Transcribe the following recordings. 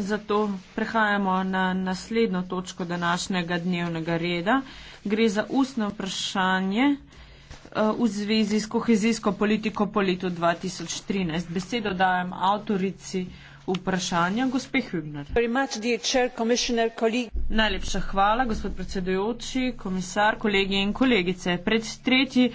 Zato prehajamo na naslednjo točko današnjega dnevnega reda. Gre za ustno vprašanje eh, v zvezi s kohezijsko politiko po letu 2013. Besedo dajem avtorici vprašanja. Gospe Hübner. Najlepša hvala, gospod predsedujoči, komisar, kolegi in kolegice. Pred tretji,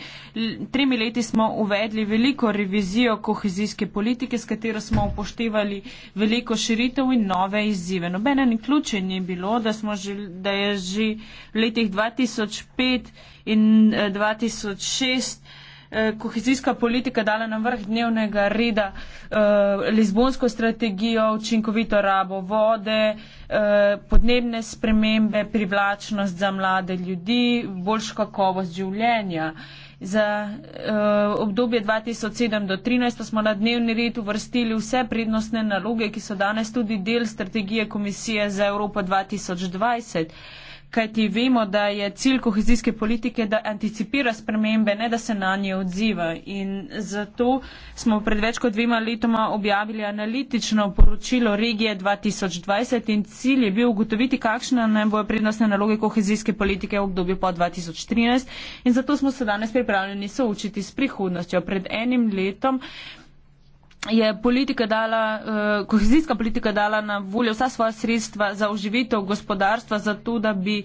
tremi leti smo uvedli veliko revizijo kohezijske politike, s katero smo upoštevali veliko širitev in nove izzive. Nobene ni ključe ni bilo, da, že, da je že v letih 2005 in 2006 eh, Eh, kohezijska politika dala na vrh dnevnega reda eh, Lizbonsko strategijo, učinkovito rabo vode, eh, podnebne spremembe, privlačnost za mlade ljudi, boljšo kakovost življenja. Za obdobje 2007 do 2013 smo na dnevni red uvrstili vse prednostne naloge, ki so danes tudi del strategije Komisije za Evropo 2020 kajti vemo, da je cilj kohezijske politike, da anticipira spremembe, ne da se na nje odziva. In zato smo pred več kot dvema letoma objavili analitično poročilo regije 2020 in cilj je bil ugotoviti, kakšne naj bojo prednostne naloge kohezijske politike v obdobju po 2013. In zato smo se danes pripravljeni soočiti s prihodnostjo. Pred enim letom je politika dala, uh, kohezijska politika dala na voljo vsa svoja sredstva za oživitev gospodarstva, zato da bi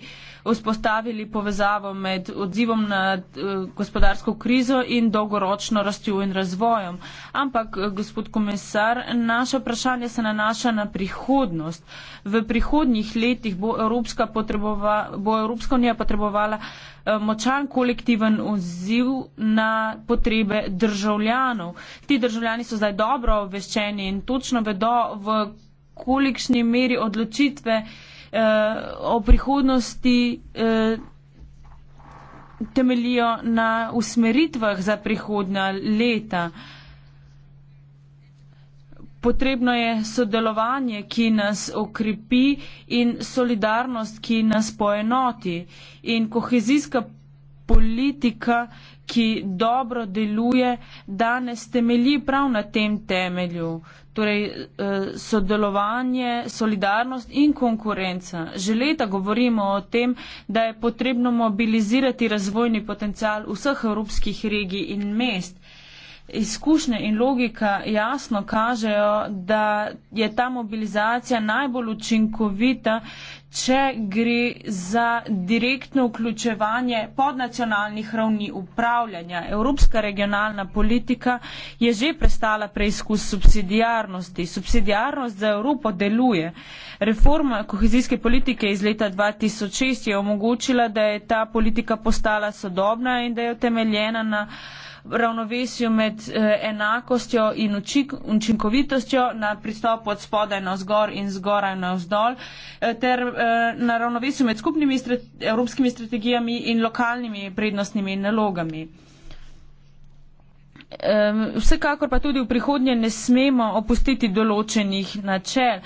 vzpostavili povezavo med odzivom na uh, gospodarsko krizo in dolgoročno rastjo in razvojem. Ampak, eh, gospod komisar, naše vprašanje se nanaša na prihodnost. V prihodnjih letih bo Evropska, potrebova, bo Evropska unija potrebovala Eh, močan kolektiven odziv na potrebe državljanov. Ti državljani so zdaj dobro obveščeni in točno vedo, v kolikšni meri odločitve eh, o prihodnosti eh, temelijo na usmeritvah za prihodnja leta. Eh, Potrebno je sodelovanje, ki nas okrepi in solidarnost, ki nas poenoti in kohezijska politika, ki dobro deluje, danes temelji prav na tem temelju. Torej eh, sodelovanje, solidarnost in konkurenca. Že leta govorimo o tem, da je potrebno mobilizirati razvojni potencial vseh evropskih regij in mest izkušnje in logika jasno kažejo, da je ta mobilizacija najbolj učinkovita, če gre za direktno vključevanje podnacionalnih ravni upravljanja. Evropska regionalna politika je že prestala preizkus subsidijarnosti. Subsidijarnost za Evropo deluje. Reforma kohezijske politike iz leta 2006 je omogočila, da je ta politika postala sodobna in da je utemeljena na ravnovesju med eh, enakostjo in učinkovitostjo na pristopu od spodaj na vzgor in zgoraj na vzdolj eh, ter eh, na ravnovesju med skupnimi strate, evropskimi strategijami in lokalnimi prednostnimi nalogami. Vsekakor pa tudi v prihodnje ne smemo opustiti določenih načel.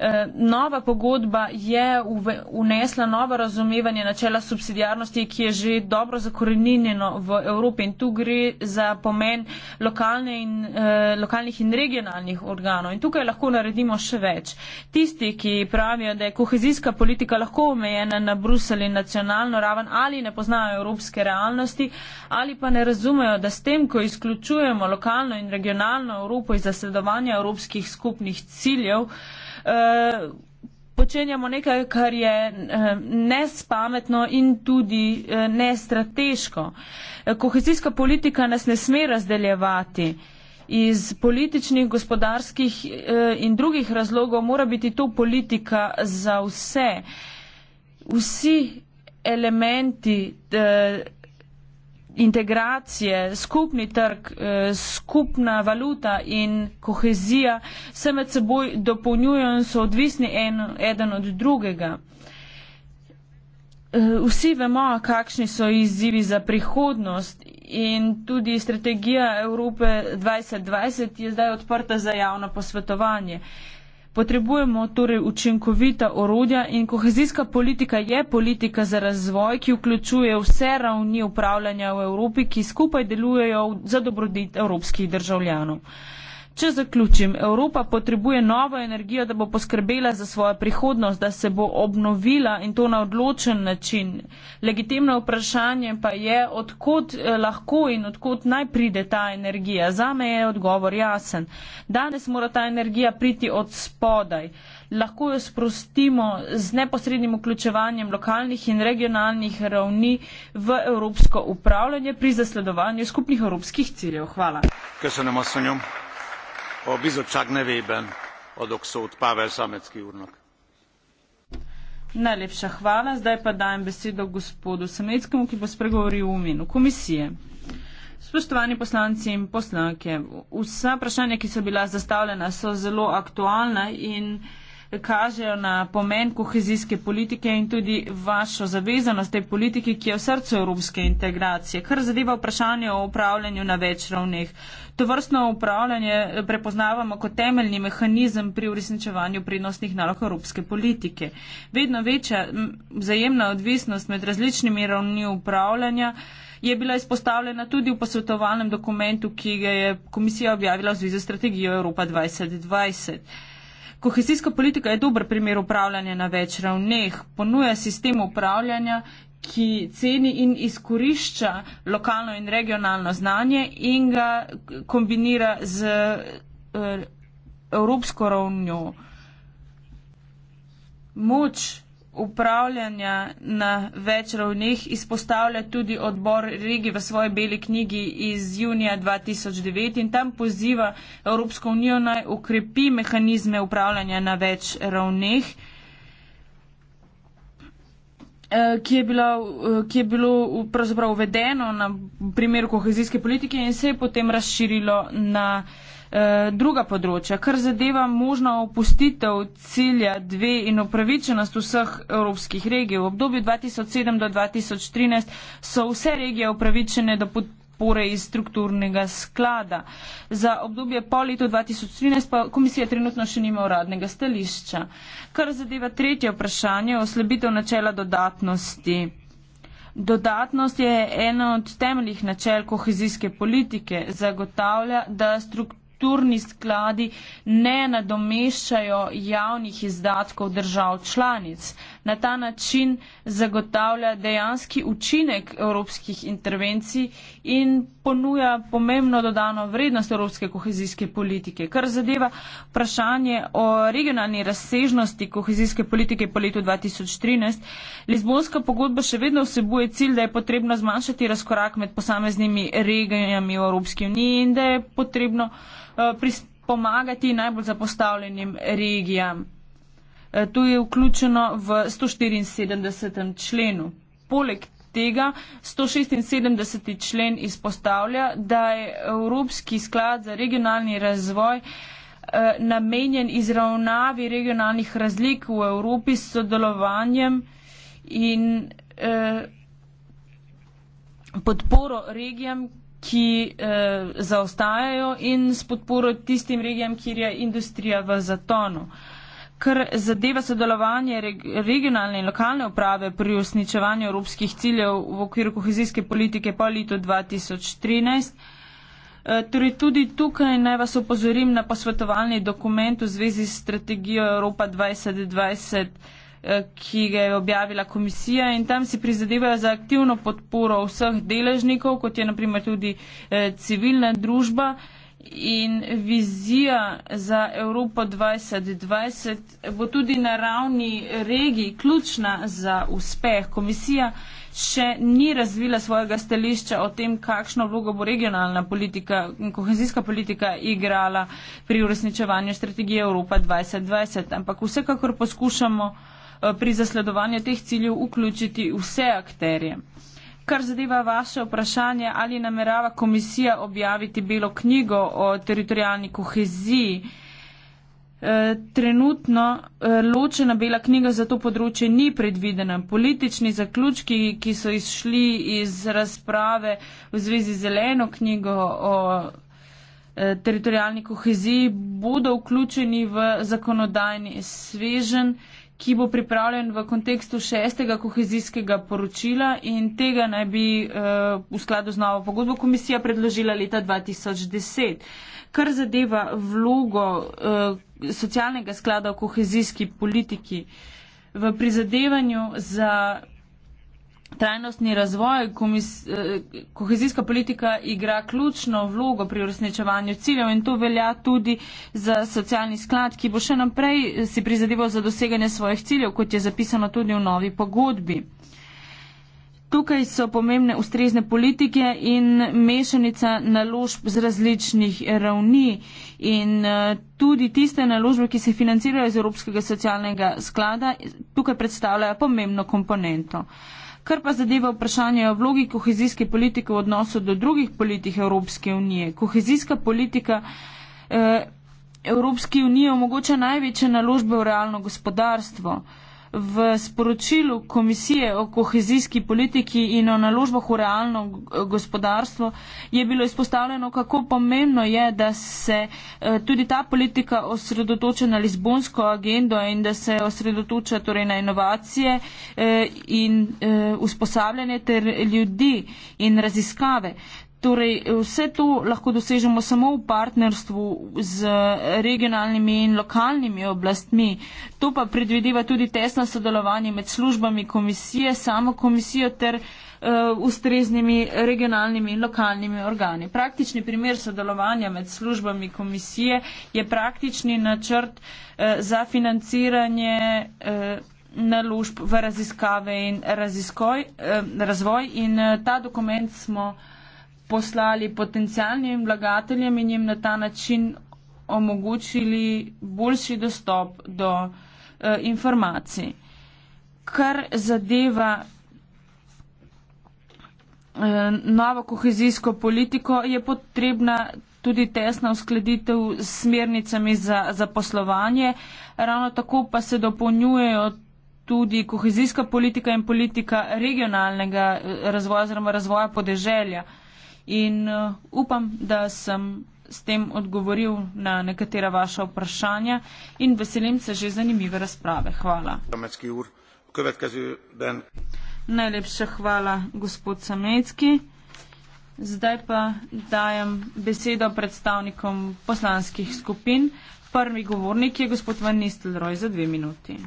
Eh, nova pogodba je unesla novo razumevanje načela subsidijarnosti, ki je že dobro zakoreninjeno v Evropi in tu gre za pomen lokalne in, eh, lokalnih in regionalnih organov. In tukaj lahko naredimo še več. Tisti, ki pravijo, da je kohezijska politika lahko omejena na Bruselj in nacionalno raven ali ne poznajo evropske realnosti ali pa ne razumejo, da s tem, ko izključujemo lokalno in regionalno Evropo iz zasledovanja evropskih skupnih ciljev, Eh, počenjamo nekaj, kar je eh, nespametno in tudi eh, nestrateško. Kohezijska politika nas ne sme razdeljevati. Iz političnih, gospodarskih in drugih razlogov mora biti to politika za vse. Vsi elementi integracije, skupni trg, eh, skupna valuta in kohezija se med seboj dopolnjujo in so odvisni en, eden od drugega. Eh, vsi vemo, kakšni so izzivi za prihodnost in tudi strategija Evrope 2020 je zdaj odprta za javno posvetovanje. Potrebujemo torej učinkovita orodja in kohezijska politika je politika za razvoj, ki vključuje vse ravni upravljanja v Evropi, ki skupaj delujejo za dobrodit evropskih državljanov. Če zaključim, Evropa potrebuje novo energijo, da bo poskrbela za svojo prihodnost, da se bo obnovila in to na odločen način. Legitimno vprašanje pa je, odkot eh, lahko in odkot naj pride ta energija. Za me je odgovor jasen. Danes mora ta energija priti od spodaj. Lahko jo sprostimo z neposrednim vključevanjem lokalnih in regionalnih ravni v evropsko upravljanje pri zasledovanju skupnih evropskih ciljev. Hvala. Hvala. Najlepša hvala. Zdaj pa dajem besedo gospodu Sameckemu, ki bo spregovoril v imenu komisije. Spoštovani poslanci in poslanke, vsa vprašanja, ki so bila zastavljena, so zelo aktualna in kažejo na pomen kohezijske politike in tudi vašo zavezanost tej politiki, ki je v srcu evropske integracije, kar zadeva vprašanje o upravljanju na več ravneh. To vrstno upravljanje eh, prepoznavamo kot temeljni mehanizem pri uresničevanju prednostnih nalog evropske politike. Vedno večja vzajemna odvisnost med različnimi ravni upravljanja je bila izpostavljena tudi v posvetovalnem dokumentu, ki ga je komisija objavila v zvezi s strategijo Evropa 2020. Kohezijska politika je dober primer upravljanja na več ravneh, ponuja sistem upravljanja, ki ceni in izkorišča lokalno in regionalno znanje in ga kombinira z eh, evropsko ravnjo. Moč upravljanja na več ravneh izpostavlja tudi odbor regi v svoji beli knjigi iz junija 2009 in tam poziva Evropsko unijo naj ukrepi mehanizme upravljanja na več ravneh, eh, ki je, bila, eh, ki je bilo pravzaprav uvedeno na primeru kohezijske politike in se je potem razširilo na Eh, druga področja, kar zadeva možno opustitev cilja dve in upravičenost vseh evropskih regij. V obdobju 2007 do 2013 so vse regije upravičene do podpore iz strukturnega sklada. Za obdobje po letu 2013 pa komisija trenutno še nima uradnega stališča. Kar zadeva tretje vprašanje, oslabitev načela dodatnosti. Dodatnost je eno od temeljih načel kohezijske politike. Zagotavlja, da strukturno strukturni skladi ne nadomeščajo javnih izdatkov držav članic na ta način zagotavlja dejanski učinek evropskih intervencij in ponuja pomembno dodano vrednost evropske kohezijske politike. Kar zadeva vprašanje o regionalni razsežnosti kohezijske politike po letu 2013, Lizbonska pogodba še vedno vsebuje cilj, da je potrebno zmanjšati razkorak med posameznimi regijami v Evropski uniji in da je potrebno uh, eh, pris pomagati najbolj zapostavljenim regijam. Eh, to je vključeno v 174. členu. Poleg tega 176. člen izpostavlja, da je Evropski sklad za regionalni razvoj eh, namenjen izravnavi regionalnih razlik v Evropi s sodelovanjem in eh, podporo regijam, ki zaostajajo in s podporo tistim regijam, kjer je industrija v zatonu kar zadeva sodelovanje regionalne in lokalne uprave pri usničevanju evropskih ciljev v okviru kohezijske politike po letu 2013. E, torej tudi tukaj naj vas opozorim na posvetovalni dokument v zvezi s strategijo Evropa 2020, e, ki ga je objavila komisija in tam si prizadevajo za aktivno podporo vseh deležnikov, kot je naprimer tudi e, civilna družba in vizija za Evropo 2020 bo tudi na ravni regij ključna za uspeh. Komisija še ni razvila svojega stališča o tem, kakšno vlogo bo regionalna politika in kohezijska politika igrala pri uresničevanju strategije Evropa 2020, ampak vsekakor poskušamo eh, pri zasledovanju teh ciljev vključiti vse akterje kar zadeva vaše vprašanje, ali namerava komisija objaviti belo knjigo o teritorijalni koheziji. E, trenutno e, ločena bela knjiga za to področje ni predvidena. Politični zaključki, ki so izšli iz razprave v zvezi z zeleno knjigo o e, teritorijalni koheziji, bodo vključeni v zakonodajni svežen ki bo pripravljen v kontekstu šestega kohezijskega poročila in tega naj bi eh, v skladu z novo pogodbo komisija predložila leta 2010. Kar zadeva vlogo eh, socialnega sklada v kohezijski politiki v prizadevanju za trajnostni razvoj, eh, kohezijska politika igra ključno vlogo pri uresničevanju ciljev in to velja tudi za socialni sklad, ki bo še naprej eh, si prizadeval za doseganje svojih ciljev, kot je zapisano tudi v novi pogodbi. Tukaj so pomembne ustrezne politike in mešanica naložb z različnih ravni in eh, tudi tiste naložbe, ki se financirajo iz Evropskega socialnega sklada, tukaj predstavljajo pomembno komponento. Uh, Kar pa zadeva vprašanje o vlogi kohezijske politike v odnosu do drugih politik Evropske unije. Kohezijska politika eh, Evropske unije omogoča največje naložbe v realno gospodarstvo. Eh, v sporočilu komisije o kohezijski politiki in o naložbah v realno gospodarstvo je bilo izpostavljeno, kako pomembno je, da se eh, tudi ta politika osredotoča na lizbonsko agendo in da se osredotoča torej na inovacije eh, in eh, usposabljanje ter ljudi in raziskave. Torej, vse to lahko dosežemo samo v partnerstvu z regionalnimi in lokalnimi oblastmi. To pa predvideva tudi tesno sodelovanje med službami komisije, samo komisijo ter uh, ustreznimi regionalnimi in lokalnimi organi. Praktični primer sodelovanja med službami komisije je praktični načrt uh, za financiranje. Uh, naložb v raziskave in raziskoj, eh, razvoj in eh, ta dokument smo eh, poslali potencijalnim vlagateljem in jim na ta način omogočili boljši dostop do e, informacij. Kar zadeva e, novo kohezijsko politiko, je potrebna tudi tesna uskladitev s smernicami za, za poslovanje, ravno tako pa se dopolnjujejo tudi kohezijska politika in politika regionalnega eh, razvoja oziroma razvoja podeželja. E, In uh, upam, da sem s tem odgovoril na nekatera vaša vprašanja in veselim se že zanimive razprave. Hvala. Najlepša hvala, gospod Samecki. Zdaj pa dajem besedo predstavnikom poslanskih skupin. Prvi govornik je gospod Van Nistelroj za dve minuti.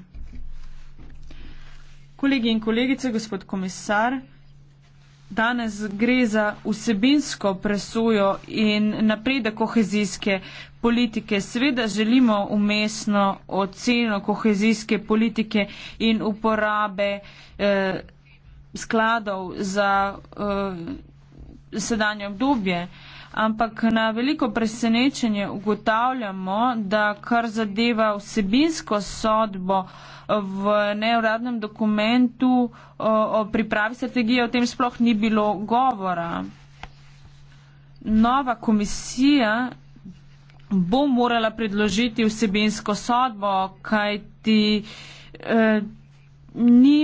Kolegi in kolegice, gospod komisar danes gre za vsebinsko presojo in napredek kohezijske politike. Sveda želimo umestno oceno kohezijske politike in uporabe eh, skladov za eh, sedanje obdobje. Eh, ampak na veliko presenečenje ugotavljamo, da kar zadeva vsebinsko sodbo v neuradnem dokumentu o pripravi strategije, o tem sploh ni bilo govora. Nova komisija bo morala predložiti vsebinsko sodbo, kaj ti eh, ni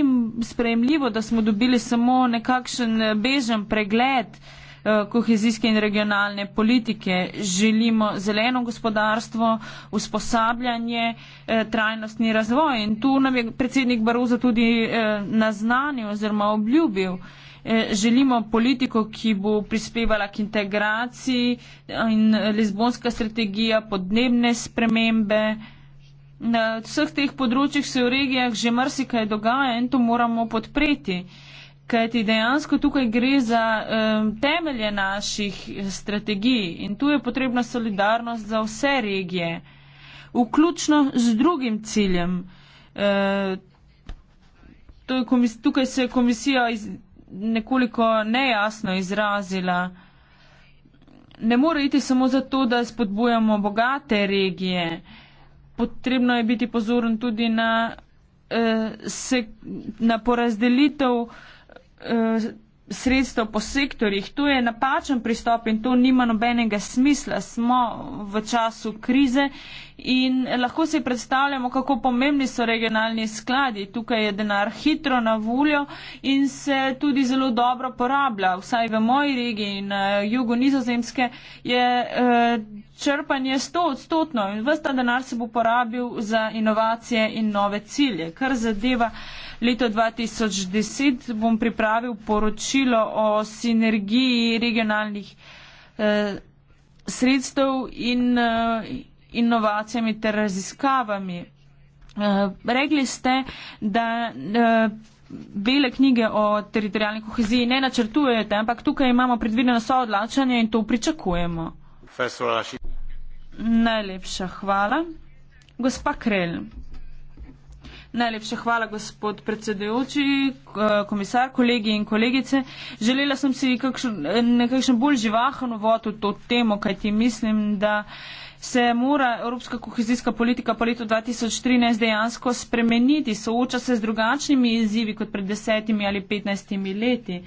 sprejemljivo, da smo dobili samo nekakšen bežen pregled eh, Eh, kohezijske in regionalne politike. Želimo zeleno gospodarstvo, usposabljanje, eh, trajnostni razvoj. In tu nam je predsednik Baruza tudi eh, naznanil oziroma obljubil. Želimo politiko, ki bo prispevala k integraciji in lizbonska strategija, podnebne spremembe. Na vseh teh področjih se v regijah že marsikaj dogaja in to moramo podpreti kajti dejansko tukaj gre za um, temelje naših strategij in tu je potrebna solidarnost za vse regije, vključno z drugim ciljem. E, je komis, tukaj se je komisija iz, nekoliko nejasno izrazila. Ne more iti samo zato, da spodbujamo bogate regije. Potrebno je biti pozoren tudi na, eh, se, na porazdelitev eh, Eh, sredstev po sektorjih. To je napačen pristop in to nima nobenega smisla. Smo v času krize in lahko si predstavljamo, kako pomembni so regionalni skladi. Tukaj je denar hitro na voljo in se tudi zelo dobro porablja. Vsaj v moji regiji in eh, jugu nizozemske je eh, črpanje stotno in vsta denar se bo porabil za inovacije in nove cilje. Kar zadeva leto 2010 bom pripravil poročilo o sinergiji regionalnih eh, sredstev in eh, inovacijami ter raziskavami. Eh, rekli ste, da. Eh, Bele knjige o teritorijalni koheziji ne načrtujete, ampak tukaj imamo predvideno soodlačanje in to pričakujemo. Najlepša hvala. Gospa Krelj, Najlepša hvala, gospod predsedujoči, komisar, kolegi in kolegice. Želela sem si nekakšen bolj živahen uvod v to temo, kajti mislim, da se mora evropska kohezijska politika po letu 2013 dejansko spremeniti, sooča se z drugačnimi izzivi kot pred desetimi ali petnajstimi leti.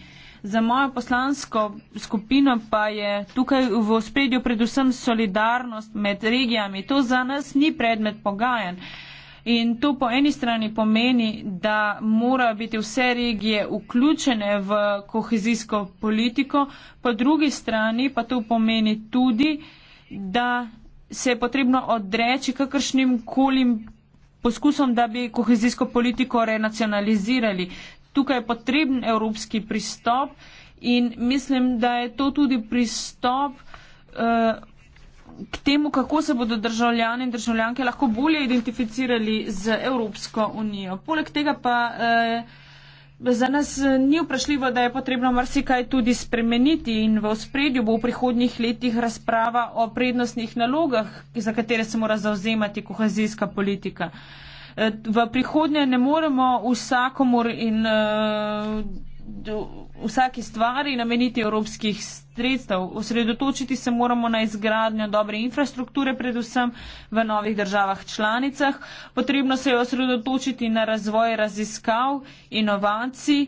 Za mojo poslansko skupino pa je tukaj v ospredju predvsem solidarnost med regijami. To za nas ni predmet pogajanj. In to po eni strani pomeni, da morajo biti vse regije vključene v kohezijsko politiko, po drugi strani pa to pomeni tudi, da se je potrebno odreči kakršnim kolim poskusom, da bi kohezijsko politiko renacionalizirali. Tukaj je potreben evropski pristop in mislim, da je to tudi pristop. Uh, k temu, kako se bodo državljani in državljanke lahko bolje identificirali z Evropsko unijo. Poleg tega pa eh, za nas eh, ni vprašljivo, da je potrebno marsikaj tudi spremeniti in v spredju bo v prihodnjih letih razprava o prednostnih nalogah, za katere se mora zauzemati kohezijska politika. Eh, v prihodnje ne moremo vsakomor in. Eh, vsaki stvari nameniti evropskih sredstev. Osredotočiti se moramo na izgradnjo dobre infrastrukture, predvsem v novih državah članicah. Potrebno se je osredotočiti na razvoj raziskav, inovacij.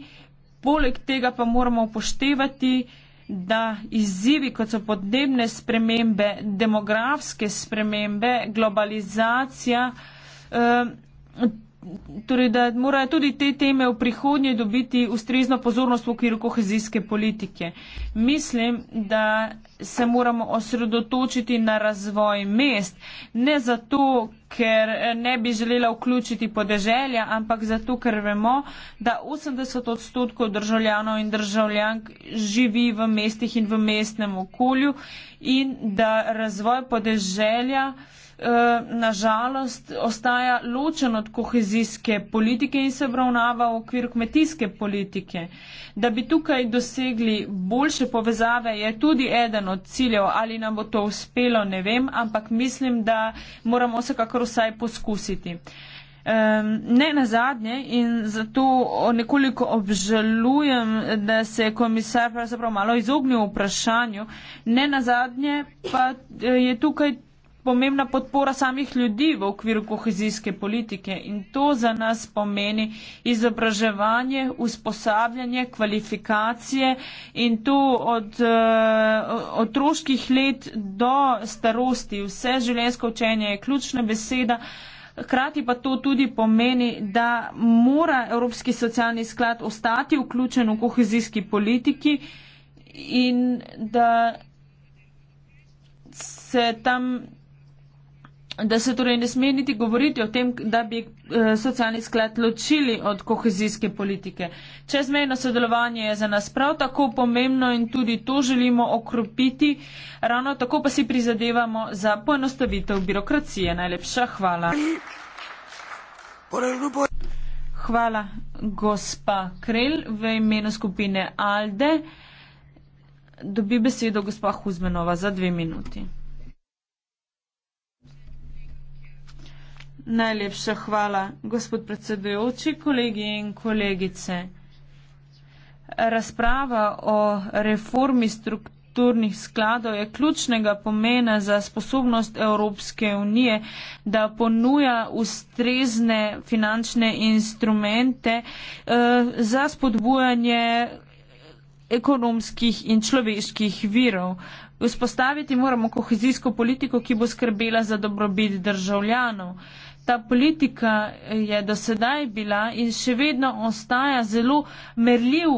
Poleg tega pa moramo upoštevati, da izzivi, kot so podnebne spremembe, demografske spremembe, globalizacija, eh, torej, da morajo tudi te teme v prihodnje dobiti ustrezno pozornost v okviru kohezijske politike. Mislim, da se moramo osredotočiti na razvoj mest, ne zato, ker ne bi želela vključiti podeželja, ampak zato, ker vemo, da 80 odstotkov državljanov in državljank živi v mestih in v mestnem okolju in da razvoj podeželja. Eh, na žalost ostaja ločen od kohezijske politike in se obravnava v okviru kmetijske politike. Da bi tukaj dosegli boljše povezave, je tudi eden od ciljev, ali nam bo to uspelo, ne vem, ampak mislim, da moramo vsekakor vsaj poskusiti. Ne na zadnje in zato nekoliko obžalujem, da se je komisar pravzaprav malo izognil vprašanju. Ne na zadnje pa eh, je tukaj pomembna podpora samih ljudi v okviru kohezijske politike in to za nas pomeni izobraževanje, usposabljanje, kvalifikacije in to od uh, otroških let do starosti. Vse življenjsko učenje je ključna beseda. Hkrati pa to tudi pomeni, da mora Evropski socialni sklad ostati vključen v kohezijski politiki in da se tam da se torej ne sme niti govoriti o tem, da bi eh, socialni sklad ločili od kohezijske politike. Čezmejno sodelovanje je za nas prav tako pomembno in tudi to želimo okrupiti, ravno tako pa si prizadevamo za poenostavitev birokracije. Najlepša hvala. Hvala, gospa Krel, v imenu skupine Alde. Dobi besedo gospa Huzmenova za dve minuti. Najlepša hvala, gospod predsedujoči, kolegi in kolegice. Razprava o reformi strukturnih skladov je ključnega pomena za sposobnost Evropske unije, da ponuja ustrezne finančne instrumente eh, za spodbujanje ekonomskih in človeških virov. Vzpostaviti moramo kohezijsko politiko, ki bo skrbela za dobrobit državljanov. Eh, ta politika je do sedaj bila in še vedno ostaja zelo merljiv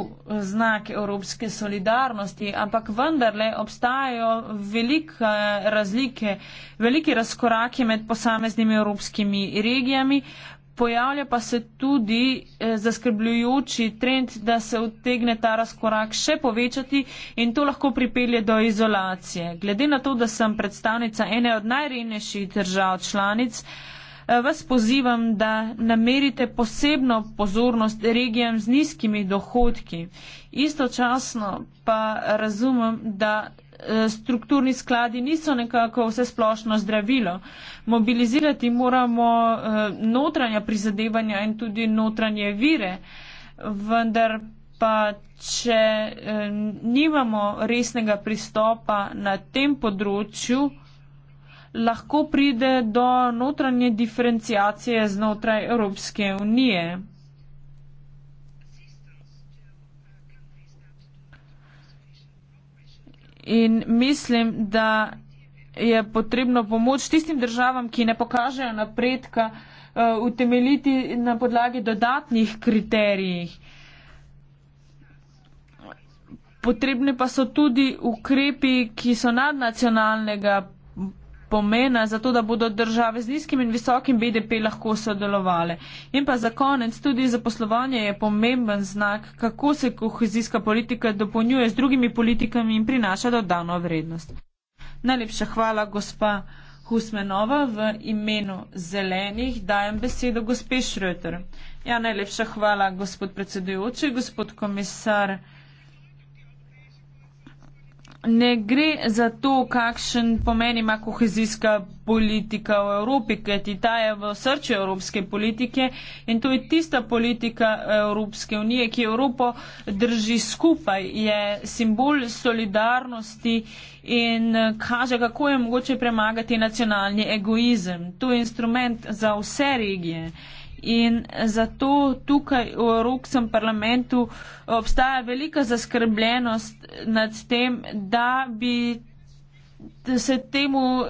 znak evropske solidarnosti, ampak vendarle obstajajo velike razlike, velike razkorake med posameznimi evropskimi regijami. Pojavlja pa se tudi eh, zaskrbljujoči trend, da se utegne ta razkorak še povečati in to lahko pripelje do izolacije. Glede na to, da sem predstavnica ene od najrevnejših držav članic, vas pozivam, da namerite posebno pozornost regijam z nizkimi dohodki. Istočasno pa razumem, da e, strukturni skladi niso nekako vse splošno zdravilo. Mobilizirati moramo e, notranja prizadevanja in tudi notranje vire, vendar pa če e, nimamo resnega pristopa na tem področju, lahko pride do notranje diferencijacije znotraj Evropske unije. In mislim, da je potrebno pomoč tistim državam, ki ne pokažejo napredka, eh, utemeliti na podlagi dodatnih kriterijih. Potrebne pa so tudi ukrepi, ki so nadnacionalnega pomena, zato da bodo države z nizkim in visokim BDP lahko sodelovale. In pa za konec, tudi zaposlovanje je pomemben znak, kako se kohezijska politika dopolnjuje z drugimi politikami in prinaša dodano vrednost. Najlepša hvala, gospa Husmenova, v imenu zelenih dajem besedo gospe Šrötr. Ja, najlepša hvala, gospod predsedujoči, gospod komisar ne gre za to, kakšen pomen ima kohezijska politika v Evropi, ker ti ta je v srču evropske politike in to je tista politika Evropske unije, ki Evropo drži skupaj, je simbol solidarnosti in kaže, kako je mogoče premagati nacionalni egoizem. To je instrument za vse regije. In zato tukaj v Evropskem parlamentu eh, obstaja velika zaskrbljenost nad tem, da bi se temu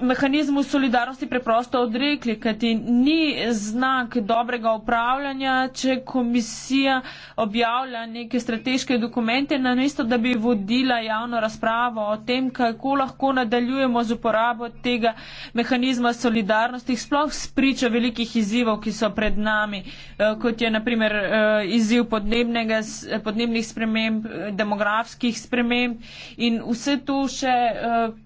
mehanizmu solidarnosti preprosto odrekli, kajti ni znak dobrega upravljanja, če komisija objavlja neke strateške dokumente, namesto da bi vodila javno razpravo o tem, kako lahko nadaljujemo z uporabo tega mehanizma solidarnosti, sploh spriča velikih izzivov, ki so pred nami, eh, kot je naprimer eh, izziv podnebnih sprememb, demografskih sprememb in vse to še eh,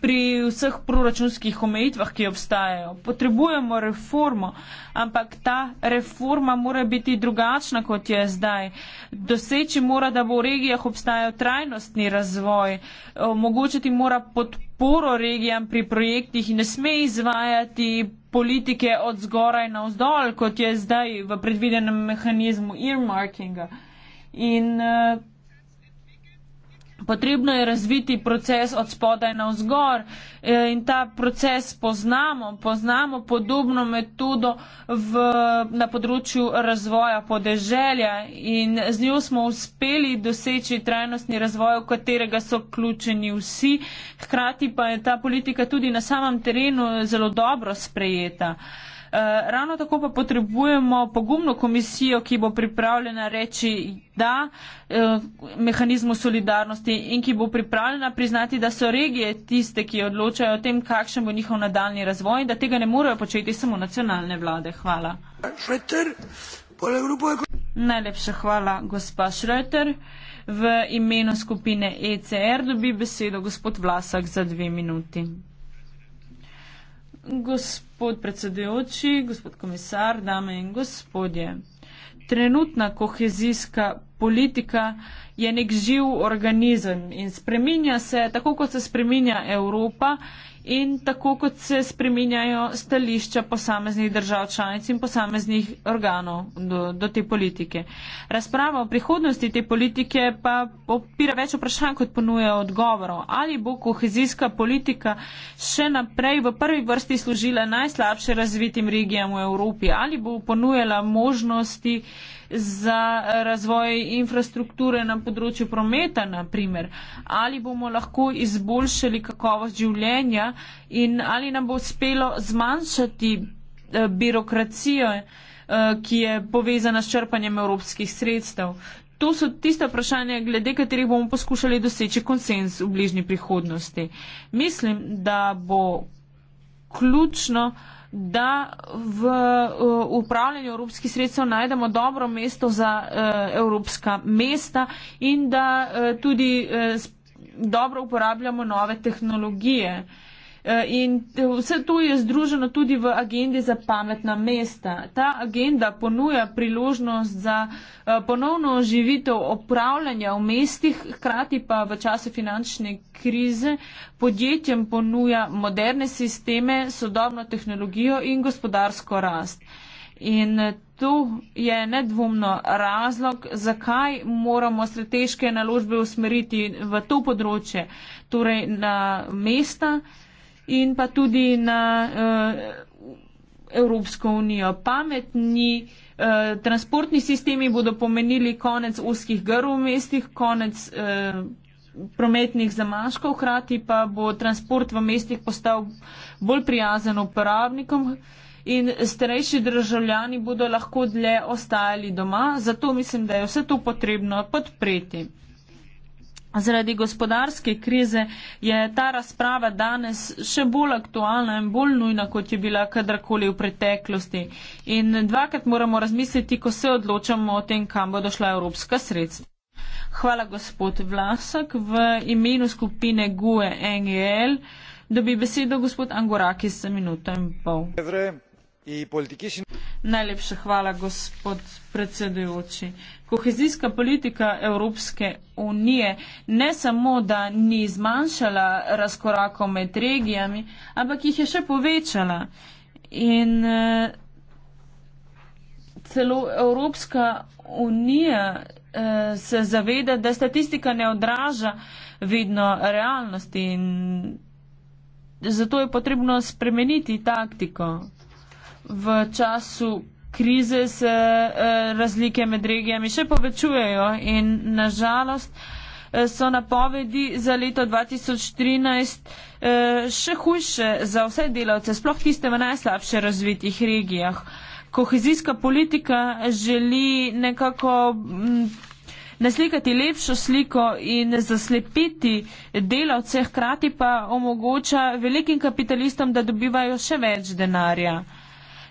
pri vseh proračunskih omejitvah, ki obstajajo. Potrebujemo reformo, ampak ta reforma mora biti drugačna, kot je zdaj. Doseči mora, da bo v regijah obstajal trajnostni razvoj, omogočiti mora podporo regijam pri projektih in ne sme izvajati politike od zgoraj na vzdolj, kot je zdaj v predvidenem mehanizmu earmarkinga. In uh, Potrebno je razviti proces od spodaj na vzgor e, in ta proces poznamo. Poznamo podobno metodo v, na področju razvoja podeželja in z njo smo uspeli doseči trajnostni razvoj, v katerega so vključeni vsi. Hkrati pa je ta politika tudi na samem terenu zelo dobro sprejeta. Uh, Eh, ravno tako pa potrebujemo pogumno komisijo, ki bo pripravljena reči da eh, mehanizmu solidarnosti in ki bo pripravljena priznati, da so regije tiste, ki odločajo o tem, kakšen bo njihov nadaljni razvoj in da tega ne morejo početi samo nacionalne vlade. Hvala. Najlepša hvala, gospa Šreter. V imenu skupine ECR dobi besedo gospod Vlasak za dve minuti. Gospod predsedujoči, gospod komisar, dame in gospodje. Trenutna kohezijska politika je nek živ organizem in spreminja se, tako kot se spreminja Evropa in tako kot se spreminjajo stališča posameznih držav članic in posameznih organov do, do te politike. Razprava o prihodnosti te politike pa opira več vprašanj, kot ponuje odgovorov. Ali bo kohezijska politika še naprej v prvi vrsti služila najslabše razvitim regijam v Evropi? Ali bo ponujala možnosti, za razvoj infrastrukture na področju prometa, naprimer, ali bomo lahko izboljšali kakovost življenja in ali nam bo uspelo zmanjšati eh, birokracijo, eh, ki je povezana s črpanjem evropskih sredstev. To so tiste vprašanja, glede katerih bomo poskušali doseči konsens v bližnji prihodnosti. Mislim, da bo ključno uh, da v eh, upravljanju evropskih sredstev najdemo dobro mesto za eh, evropska mesta in da eh, tudi dobro uporabljamo nove tehnologije. Eh, in vse to je združeno tudi v agendi za pametna mesta. Ta agenda ponuja priložnost za eh, ponovno oživitev opravljanja v mestih, hkrati pa v času finančne krize podjetjem ponuja moderne sisteme, sodobno tehnologijo in gospodarsko rast. In eh, to je nedvomno razlog, zakaj moramo strateške naložbe usmeriti v to področje, torej na mesta, in pa tudi na eh, Evropsko unijo. Pametni eh, transportni sistemi bodo pomenili konec oskih grv v mestih, konec eh, prometnih zamaškov, hkrati pa bo transport v mestih postal bolj prijazen uporabnikom. In starejši državljani bodo lahko dlje ostajali doma, zato mislim, da je vse to potrebno podpreti. Zaradi gospodarske krize je ta razprava danes še bolj aktualna in bolj nujna, kot je bila kadarkoli v preteklosti. In dvakrat moramo razmisliti, ko se odločamo o tem, kam bo došla evropska sredstva. Hvala, gospod Vlasak, v imenu skupine GUE NGL. E dobi besedo gospod Angorakis za minuto in pol. Evre. Najlepša hvala, gospod predsedujoči. Kohezijska politika Evropske unije ne samo, da ni zmanjšala razkorakov med regijami, ampak jih je še povečala. In eh, celo Evropska unija eh, se zaveda, da statistika ne odraža vedno realnosti in zato je potrebno spremeniti taktiko v času krize se eh, razlike med regijami še povečujejo in nažalost eh, so napovedi za leto 2013 eh, še hujše za vse delavce, sploh tiste v najslabše razvitih regijah. Kohezijska politika želi nekako mm, naslikati lepšo sliko in zaslepiti delavce, hkrati pa omogoča velikim kapitalistom, da dobivajo še več denarja.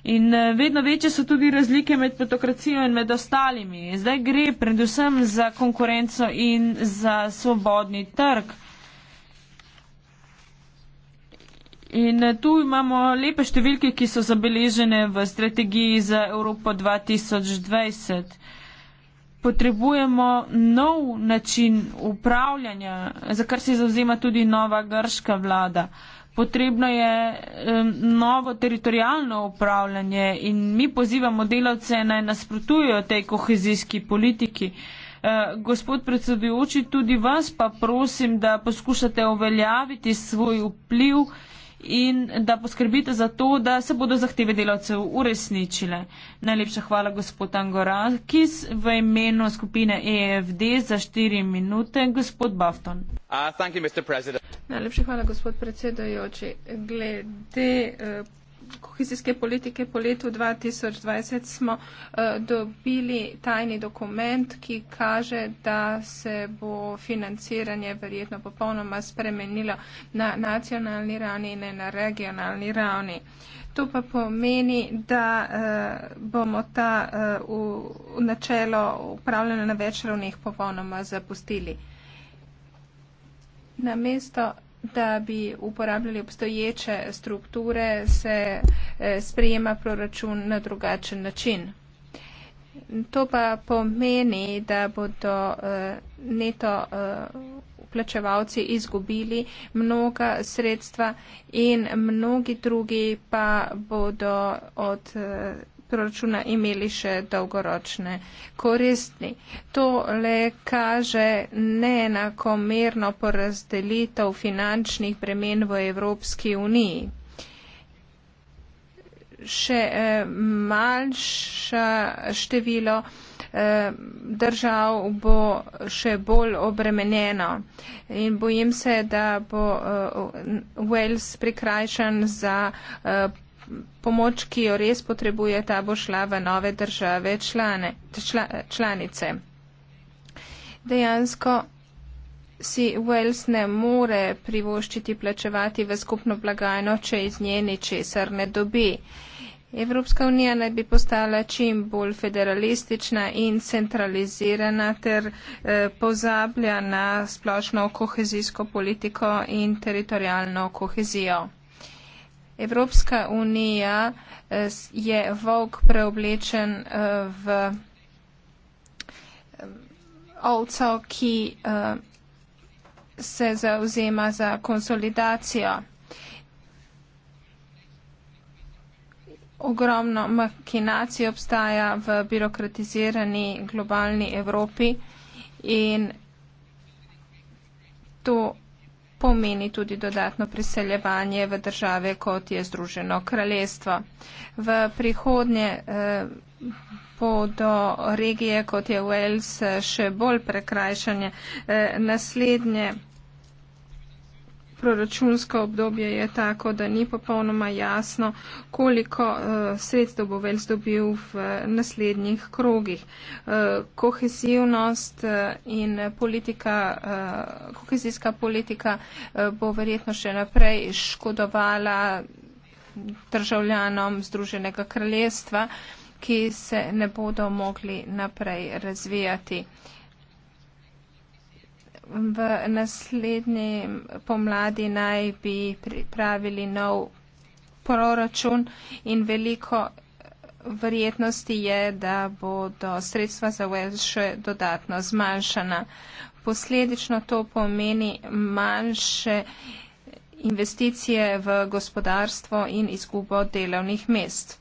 In eh, vedno večje so tudi razlike med potokracijo in med ostalimi. Zdaj gre predvsem za konkurenco in za svobodni trg. In eh, tu imamo lepe številke, ki so zabeležene v strategiji za Evropo 2020. Potrebujemo nov način upravljanja, za kar se zauzema tudi nova grška vlada. Uh, potrebno je novo teritorijalno upravljanje in mi pozivamo delavce naj nasprotujo tej kohezijski politiki. Eh, gospod predsedujoči, tudi vas pa prosim, da poskušate uveljaviti svoj vpliv in da poskrbite za to, da se bodo zahteve delavcev uresničile. Najlepša hvala, gospod Angorakis, v imenu skupine EFD za 4 minute, gospod Bafton. Uh, you, Najlepša hvala, gospod predsedajoči. Glede uh, kohezijske politike po letu 2020 smo eh, dobili tajni dokument, ki kaže, da se bo financiranje verjetno popolnoma spremenilo na nacionalni ravni in na regionalni ravni. To pa pomeni, da eh, bomo ta eh, v načelo upravljanja na več ravneh popolnoma zapustili. Na mesto da bi uporabljali obstoječe strukture, se eh, sprejema proračun na drugačen način. To pa pomeni, da bodo eh, neto eh, plačevalci izgubili mnoga sredstva in mnogi drugi pa bodo od proračuna imeli še dolgoročne koristi. To le kaže neenakomerno porazdelitev finančnih bremen v Evropski uniji. Še eh, manjša število eh, držav bo še bolj obremenjeno in bojim se, da bo eh, Wales prikrajšan za pomoč, ki jo res potrebuje, ta bo šla v nove države člane, čla, članice. Dejansko si Wales ne more privoščiti plačevati v skupno blagajno, če iz nje ničesar ne dobi. Evropska unija naj bi postala čim bolj federalistična in centralizirana ter eh, pozablja na splošno kohezijsko politiko in teritorijalno kohezijo. Evropska unija eh, je volk preoblečen eh, v eh, ovco, ki se zauzema za konsolidacijo. Ogromno makinacij obstaja v birokratizirani globalni Evropi in to pomeni tudi dodatno priseljevanje v države, kot je Združeno kraljestvo. V prihodnje eh, bodo regije, kot je Wales, eh, še bolj prekrajšanje. Eh, naslednje proračunsko obdobje je tako, da ni popolnoma jasno, koliko uh, sredstev bo Vels dobil v naslednjih krogih. Uh, kohezivnost eh, in politika, uh, kohezijska politika uh, bo verjetno še naprej škodovala državljanom Združenega kraljestva, ki se ne bodo mogli naprej razvijati. Uh, v naslednji pomladi naj bi pripravili nov proračun in veliko verjetnosti je, da bodo sredstva za Wales še dodatno zmanjšana. Posledično to pomeni manjše investicije v gospodarstvo in izgubo delovnih mest.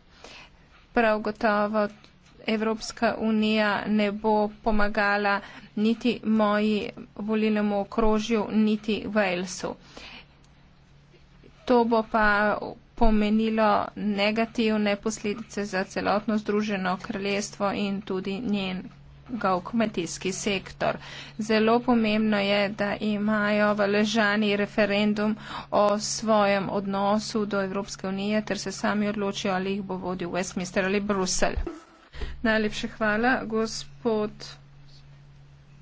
Prav gotovo Evropska unija ne bo pomagala niti moji volilnemu okrožju, niti Walesu. To bo pa pomenilo negativne posledice za celotno združeno kraljestvo in tudi njen kmetijski sektor. Zelo pomembno je, da imajo v ležani referendum o svojem odnosu do Evropske unije, ter se sami odločijo, ali jih bo vodil Westminster ali Bruselj. Najlepša hvala, gospod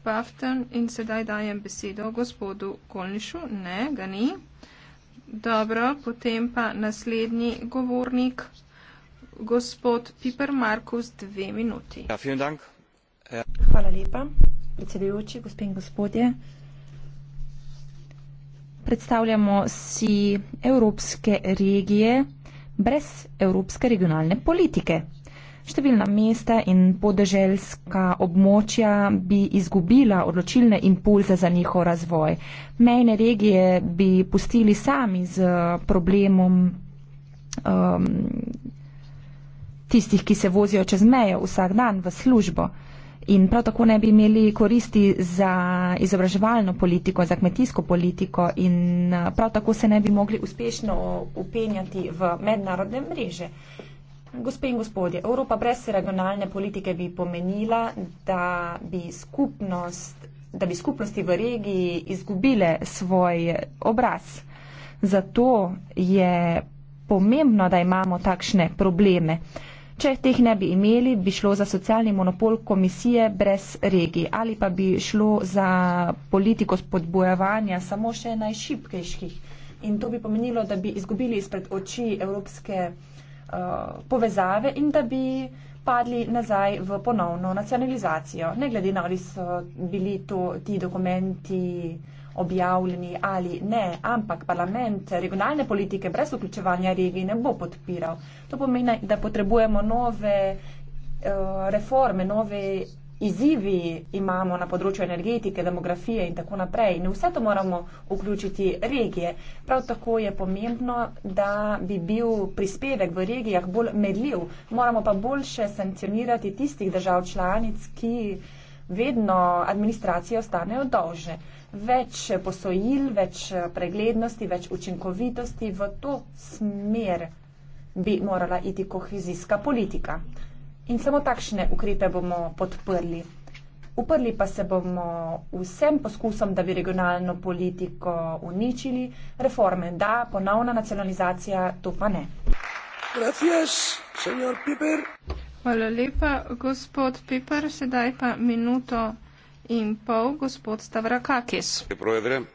Paften. In sedaj dajem besedo gospodu Kolnišu. Ne, ga ni. Dobro, potem pa naslednji govornik, gospod Piper Markus, dve minuti. Ja, dank. Ja. Hvala lepa, predsedujoči, gospe in gospodje. Predstavljamo si evropske regije brez evropske regionalne politike. Številna mesta in podeželska območja bi izgubila odločilne impulze za njihov razvoj. Mejne regije bi pustili sami z problemom um, tistih, ki se vozijo čez mejo vsak dan v službo. In prav tako ne bi imeli koristi za izobraževalno politiko, za kmetijsko politiko in uh, prav tako se ne bi mogli uspešno upenjati v mednarodne mreže. Gospe in gospodje, Evropa brez regionalne politike bi pomenila, da bi, skupnost, da bi skupnosti v regiji izgubile svoj obraz. Zato je pomembno, da imamo takšne probleme. Če teh ne bi imeli, bi šlo za socialni monopol komisije brez regij ali pa bi šlo za politiko spodbojevanja samo še najšipkejših. In to bi pomenilo, da bi izgubili izpred oči Evropske unije Eh, povezave in da bi padli nazaj v ponovno nacionalizacijo. Ne glede na to, ali so bili to, ti dokumenti objavljeni ali ne, ampak parlament regionalne politike brez vključevanja regij ne bo podpiral. To pomeni, da potrebujemo nove uh, reforme, nove izzivi imamo na področju energetike, demografije in tako naprej. In vse to moramo vključiti regije. Prav tako je pomembno, da bi bil prispevek v regijah bolj medljiv. Moramo pa boljše sankcionirati tistih držav članic, ki vedno administracije ostanejo dolže. Več posojil, več preglednosti, več učinkovitosti v to smer bi morala iti kohezijska politika in samo takšne ukrepe bomo podprli. Uprli pa se bomo vsem poskusom, da bi regionalno politiko uničili, reforme da, ponovna nacionalizacija to pa ne. Gracias, senor Piper. Hvala lepa, gospod Piper. Sedaj pa minuto in pol, gospod Stavrakakis. Prvo je vreme.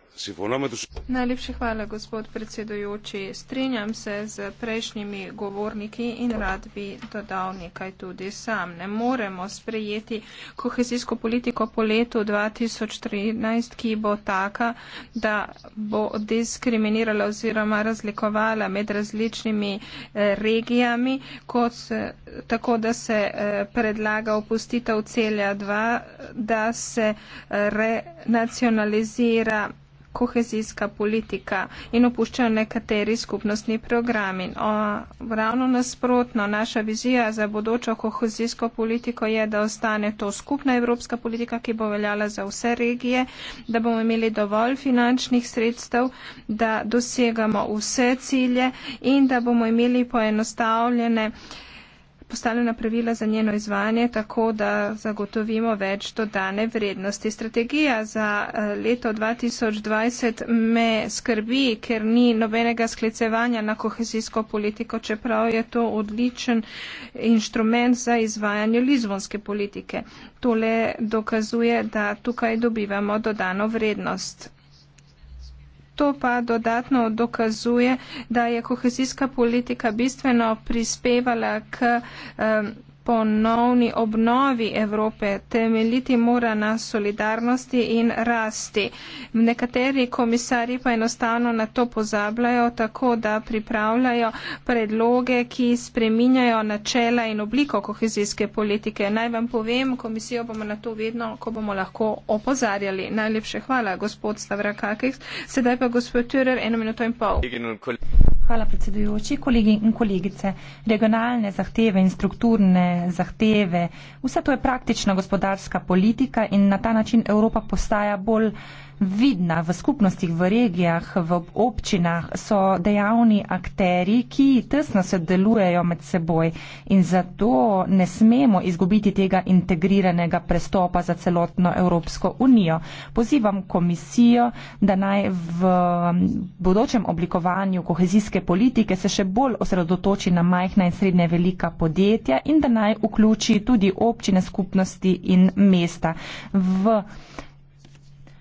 Najlepša hvala, gospod predsedujoči. Strinjam se z prejšnjimi govorniki in rad bi dodal nekaj tudi sam. Ne moremo sprejeti kohezijsko politiko po letu 2013, ki bo taka, da bo diskriminirala oziroma razlikovala med različnimi eh, regijami, kot, tako da se eh, predlaga opustitev celja 2, da se eh, renacionalizira kohezijska politika in opuščajo nekateri skupnostni programi. O, ravno nasprotno, naša vizija za bodočo kohezijsko politiko je, da ostane to skupna evropska politika, ki bo veljala za vse regije, da bomo imeli dovolj finančnih sredstev, da dosegamo vse cilje in da bomo imeli poenostavljene uh, postavljena pravila za njeno izvajanje, tako da zagotovimo več dodane vrednosti. Strategija za eh, leto 2020 me skrbi, ker ni nobenega sklicevanja na kohezijsko politiko, čeprav je to odličen inštrument za izvajanje lizbonske politike. Tole dokazuje, da tukaj dobivamo dodano vrednost. To pa dodatno dokazuje, da je kohezijska politika bistveno prispevala k um, ponovni obnovi Evrope temeljiti mora na solidarnosti in rasti. Nekateri komisari pa enostavno na to pozabljajo, tako da pripravljajo predloge, ki spreminjajo načela in obliko kohezijske politike. Naj vam povem, komisijo bomo na to vedno, ko bomo lahko opozarjali. Najlepše hvala, gospod Stavrakakis. Sedaj pa gospod Türer, eno minuto in pol. Hvala predsedujoči, kolegi in kolegice. Regionalne zahteve in strukturne zahteve. Vse to je praktična gospodarska politika in na ta način Evropa postaja bolj vidna v skupnostih, v regijah, v občinah, so dejavni akteri, ki tesno sodelujejo med seboj in zato ne smemo izgubiti tega integriranega prestopa za celotno Evropsko unijo. Pozivam komisijo, da naj v bodočem oblikovanju kohezijske politike se še bolj osredotoči na majhna in srednje velika podjetja in da naj vključi tudi občine, skupnosti in mesta. V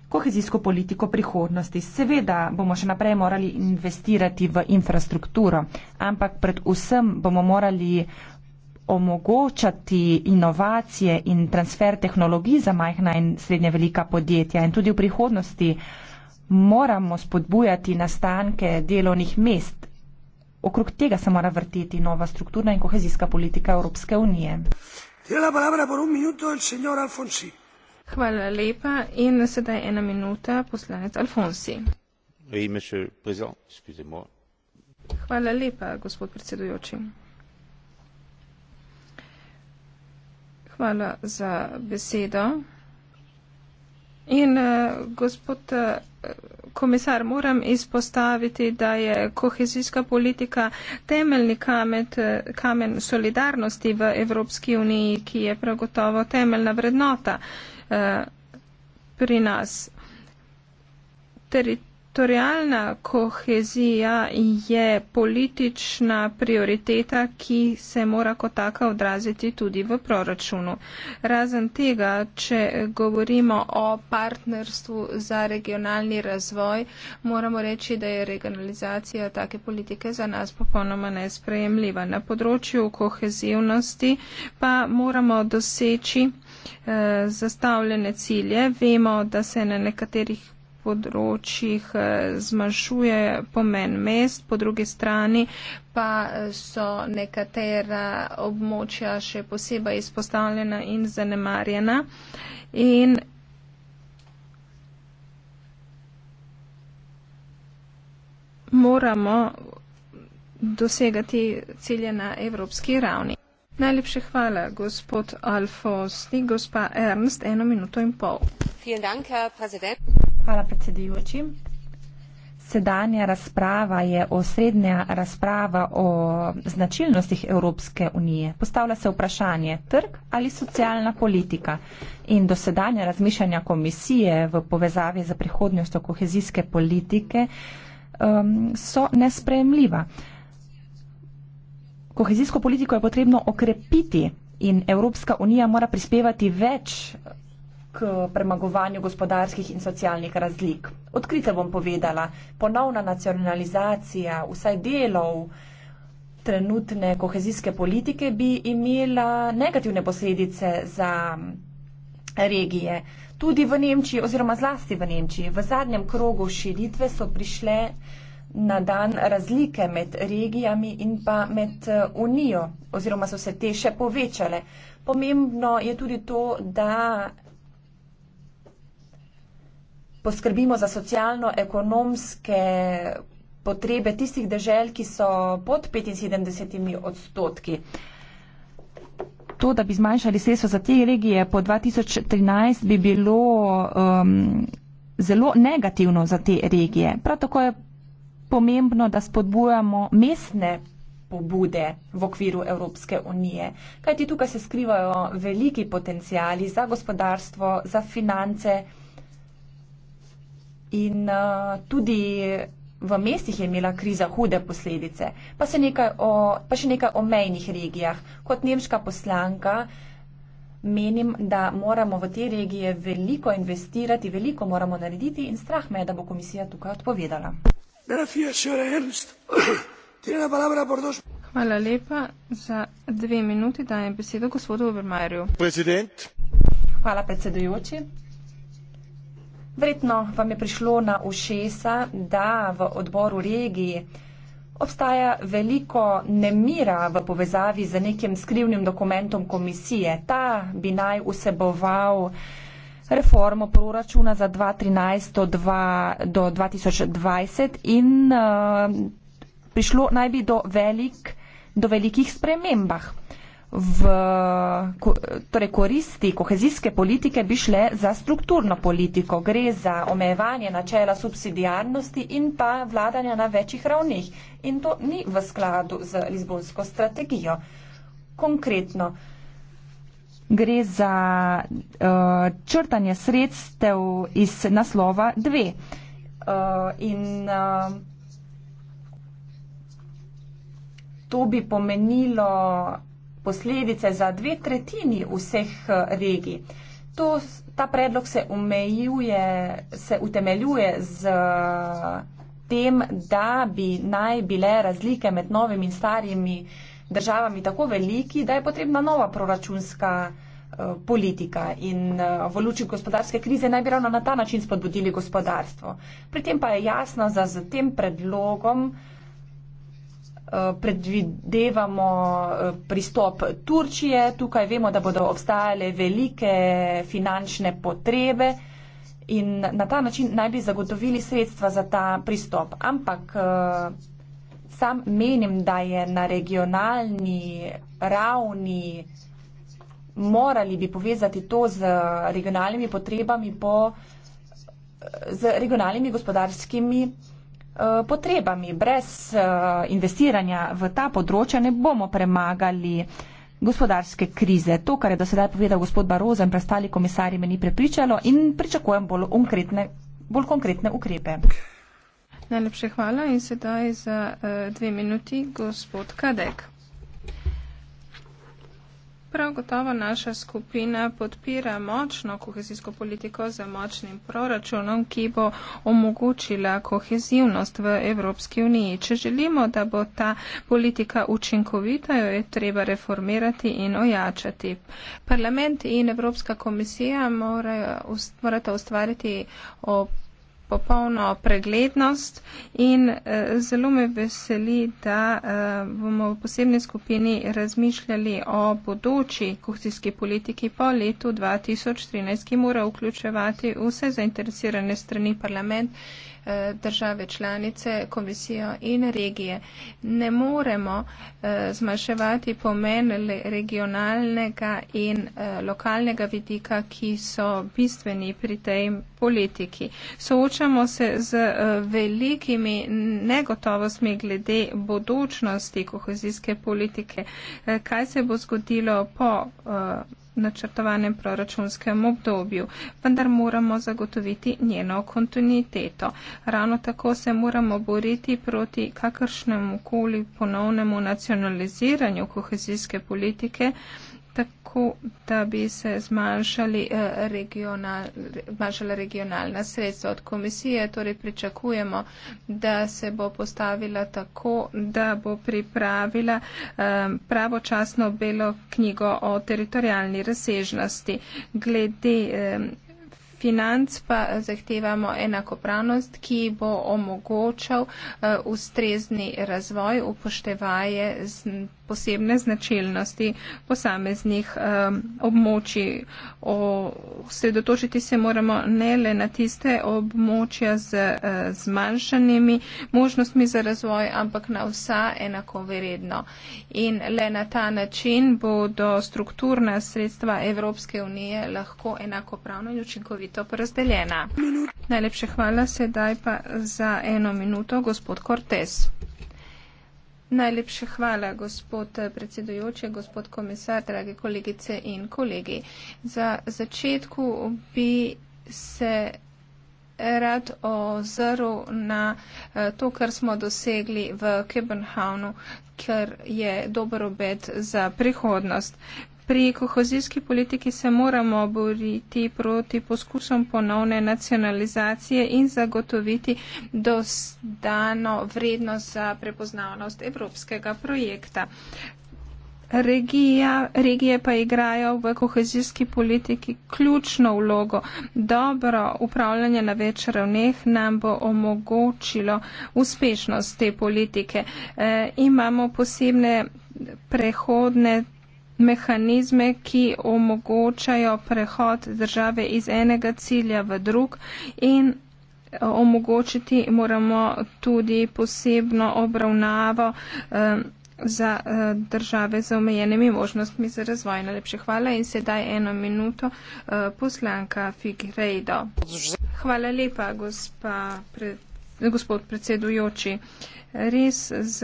kohezijsko politiko prihodnosti. Seveda bomo še naprej morali investirati v infrastrukturo, ampak predvsem bomo morali omogočati inovacije in transfer tehnologij za majhna in srednje velika podjetja. In tudi v prihodnosti moramo spodbujati nastanke delovnih mest. Okrog tega se mora vrteti nova strukturna in kohezijska politika Evropske unije. Hvala, Barbara, por un minuto, el señor Alfonsín. Hvala lepa. In sedaj ena minuta, poslanec Alfonsi. Hvala lepa, gospod predsedujoči. Hvala za besedo. In eh, gospod eh, komisar, moram izpostaviti, da je kohezijska politika temeljni kamet, eh, kamen solidarnosti v Evropski uniji, ki je prav gotovo temeljna vrednota. Eh, pri nas. Teritorijalna kohezija je politična prioriteta, ki se mora kot taka odraziti tudi v proračunu. Razen tega, če govorimo o partnerstvu za regionalni razvoj, moramo reči, da je regionalizacija take politike za nas popolnoma nesprejemljiva. Na področju kohezivnosti pa moramo doseči, Eh, zastavljene cilje. Vemo, da se na nekaterih področjih eh, zmanjšuje pomen mest, po drugi strani pa eh, so nekatera območja še posebej izpostavljena in zanemarjena. In moramo dosegati cilje na evropski ravni. Najlepše hvala, gospod Alfo. Sli gospa Ernst, eno minuto in pol. Hvala, predsedujoči. Sedanja razprava je osrednja razprava o značilnostih Evropske unije. Postavlja se vprašanje, trg ali socialna politika. In dosedanja razmišljanja komisije v povezavi za prihodnjost kohezijske politike um, so nespremljiva. Uh, Kohezijsko politiko je potrebno okrepiti in Evropska unija mora prispevati več k premagovanju gospodarskih in socialnih razlik. Odkrito bom povedala, ponovna nacionalizacija vsaj delov trenutne kohezijske politike bi imela negativne posledice za regije. Tudi v Nemčiji oziroma zlasti v Nemčiji. V zadnjem krogu širitve so prišle na dan razlike med regijami in pa med eh, Unijo oziroma so se te še povečale. Pomembno je tudi to, da poskrbimo za socialno-ekonomske potrebe tistih dežel, ki so pod 75 odstotki. To, da bi zmanjšali sredstvo za te regije po 2013, bi bilo um, zelo negativno za te regije. Prav tako je pomembno, da spodbujamo mestne pobude v okviru Evropske unije, kajti tukaj se skrivajo veliki potencijali za gospodarstvo, za finance in uh, tudi v mestih je imela kriza hude posledice. Pa, o, pa še nekaj o mejnih regijah. Kot nemška poslanka menim, da moramo v te regije veliko investirati, veliko moramo narediti in strah me je, da bo komisija tukaj odpovedala. Hvala, predsedujoči. Verjetno vam je prišlo na ušesa, da v odboru regiji obstaja veliko nemira v povezavi z nekim skrivnim dokumentom komisije. Ta bi naj vseboval reformo proračuna za 2013 do 2020 in uh, prišlo naj bi do, velik, do velikih spremembah. V, torej koristi kohezijske politike bi šle za strukturno politiko. Gre za omejevanje načela subsidijarnosti in pa vladanja na večjih ravneh. In to ni v skladu z Lizbonsko strategijo. Konkretno, uh, gre za uh, črtanje sredstev iz naslova 2. Uh, eh, in uh, to bi pomenilo posledice za dve tretjini vseh regij. To, ta predlog se, umejuje, se utemeljuje z tem, da bi naj bile razlike med novimi in starimi uh, državami tako veliki, da je potrebna nova proračunska eh, politika in eh, v luči gospodarske krize naj bi ravno na ta način spodbudili gospodarstvo. Pri tem pa je jasno, da z tem predlogom eh, predvidevamo pristop Turčije. Tukaj vemo, da bodo obstajale velike finančne potrebe in na ta način naj bi zagotovili sredstva za ta pristop. Ampak Sam menim, da je na regionalni ravni morali bi povezati to z regionalnimi potrebami po, z regionalnimi gospodarskimi eh, potrebami. Brez eh, investiranja v ta področja ne bomo premagali gospodarske krize. To, kar je do sedaj povedal gospod Barozo in prestali komisarji, me ni prepričalo in pričakujem bolj konkretne, bolj konkretne ukrepe. Najlepše hvala in sedaj za uh, dve minuti gospod Kadek. Prav gotovo naša skupina podpira močno kohezijsko politiko za močnim proračunom, ki bo omogočila kohezivnost v Evropski uniji. Če želimo, da bo ta politika učinkovita, jo je treba reformirati in ojačati. Parlament in Evropska komisija morata mora ustvariti o popolno preglednost in eh, zelo me veseli, da eh, bomo v posebni skupini razmišljali o bodoči kohcijski politiki po letu 2013, ki mora vključevati vse zainteresirane strani parlament Eh, države članice, komisijo in regije. Ne moremo eh, zmaševati pomen regionalnega in eh, lokalnega vidika, ki so bistveni pri tej politiki. Soočamo se z velikimi negotovostmi glede bodočnosti kohezijske politike. Kaj se bo zgodilo po načrtovanem proračunskem obdobju, vendar moramo zagotoviti njeno kontinuiteto. Ravno tako se moramo boriti proti kakršnemu koli ponovnemu nacionaliziranju kohezijske politike, strahu, da bi se zmanjšali, eh, regional, zmanjšala regionalna sredstva od komisije. Torej pričakujemo, da se bo postavila tako, da bo pripravila eh, pravočasno belo knjigo o teritorijalni razsežnosti. Glede, eh, financ pa zahtevamo enakopravnost, ki bo omogočal eh, ustrezni razvoj, upoštevaje posebne značilnosti posameznih eh, območij. Sredotočiti se moramo ne le na tiste območja z eh, zmanjšanimi možnostmi za razvoj, ampak na vsa enakovredno. In le na ta način bodo strukturna sredstva Evropske unije lahko enakopravno in učinkovito celovito porazdeljena. Najlepše hvala sedaj pa za eno minuto, gospod Cortez. Najlepše hvala, gospod predsedujoče, gospod komisar, dragi kolegice in kolegi. Za začetku bi se rad ozrl na eh, to, kar smo dosegli v Kebenhavnu, ker je dober obed za prihodnost. Pri kohezijski politiki se moramo boriti proti poskusom ponovne nacionalizacije in zagotoviti dostano vrednost za prepoznavnost evropskega projekta. Regija, regije pa igrajo v kohezijski politiki ključno vlogo. Dobro upravljanje na več ravneh nam bo omogočilo uspešnost te politike. E, imamo posebne prehodne mehanizme, ki omogočajo prehod države iz enega cilja v drug in eh, omogočiti moramo tudi posebno obravnavo eh, za eh, države z omejenimi možnostmi za razvoj. Najlepše hvala in sedaj eno minuto poslanka Figrejdo. Hvala lepa, gospa pred gospod predsedujoči. Res z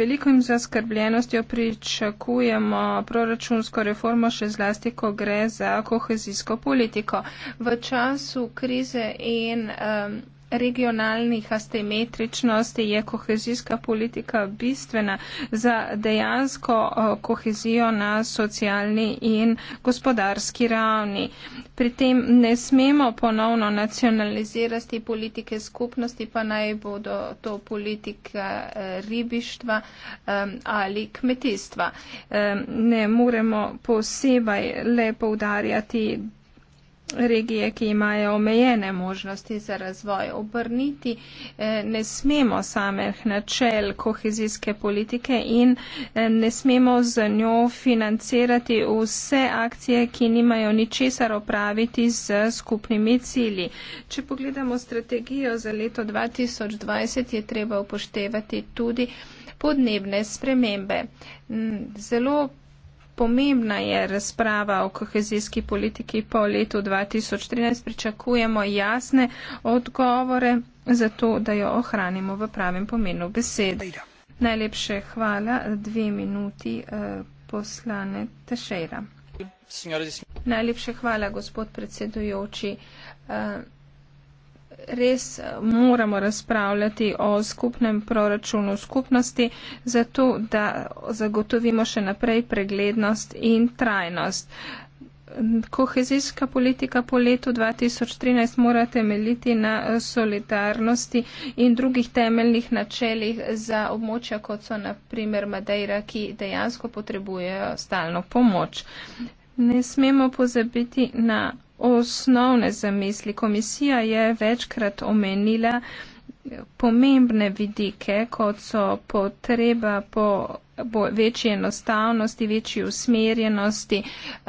veliko in zaskrbljenostjo pričakujemo proračunsko reformo še zlasti, ko gre za kohezijsko politiko. V času krize in um, regionalnih astemetričnosti je kohezijska politika bistvena za dejansko kohezijo na socialni in gospodarski ravni. Pri tem ne smemo ponovno nacionalizirati politike skupnosti, pa naj bodo to politika e, ribištva e, ali kmetijstva. E, ne moremo posebej le poudarjati regije, ki imajo omejene možnosti za razvoj. Obrniti eh, ne smemo samih načel kohezijske politike in eh, ne smemo z njo financirati vse akcije, ki nimajo ničesar opraviti z skupnimi cilji. Če pogledamo strategijo za leto 2020, je treba upoštevati tudi podnebne spremembe. Zelo pomembna je razprava o kohezijski politiki po letu 2013. Pričakujemo jasne odgovore za to, da jo ohranimo v pravem pomenu besede. Najlepše hvala. Dve minuti eh, poslane Tešera. Najlepše hvala, gospod predsedujoči. Eh, res eh, moramo razpravljati o skupnem proračunu skupnosti, zato da zagotovimo še naprej preglednost in trajnost. Kohezijska politika po letu 2013 mora temeljiti na eh, solidarnosti in drugih temeljnih načelih za območja, kot so naprimer Madeira, ki dejansko potrebujejo stalno pomoč. Ne smemo pozabiti na osnovne zamisli. Komisija je večkrat omenila pomembne vidike, kot so potreba po večji enostavnosti, večji usmerjenosti.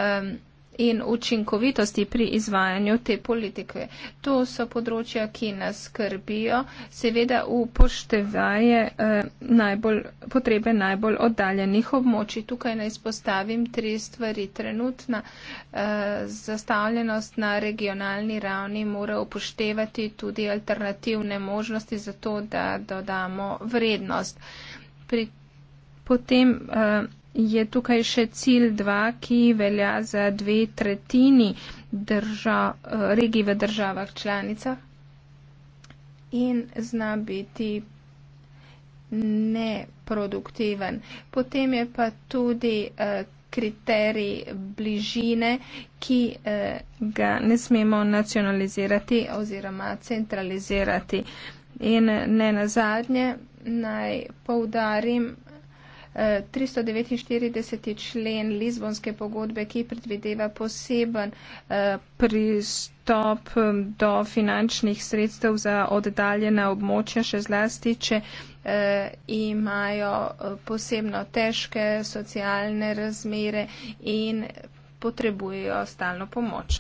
Um, in učinkovitosti pri izvajanju te politike. To so področja, ki nas skrbijo, seveda upoštevaje eh, najbolj, potrebe najbolj oddaljenih območij. Tukaj naj spostavim tri stvari. Trenutna eh, zastavljenost na regionalni ravni mora upoštevati tudi alternativne možnosti za to, da dodamo vrednost. Pri, potem, uh, je tukaj še cilj 2, ki velja za dve tretjini eh, regij v državah članicah in zna biti neproduktiven. Potem je pa tudi eh, kriterij bližine, ki eh, ga ne smemo nacionalizirati oziroma centralizirati. In ne nazadnje, naj poudarim, 349. člen Lizbonske pogodbe, ki predvideva poseben eh, pristop eh, do finančnih sredstev za oddaljena območja, še zlasti, če eh, imajo posebno težke socialne razmere in potrebujejo stalno pomoč.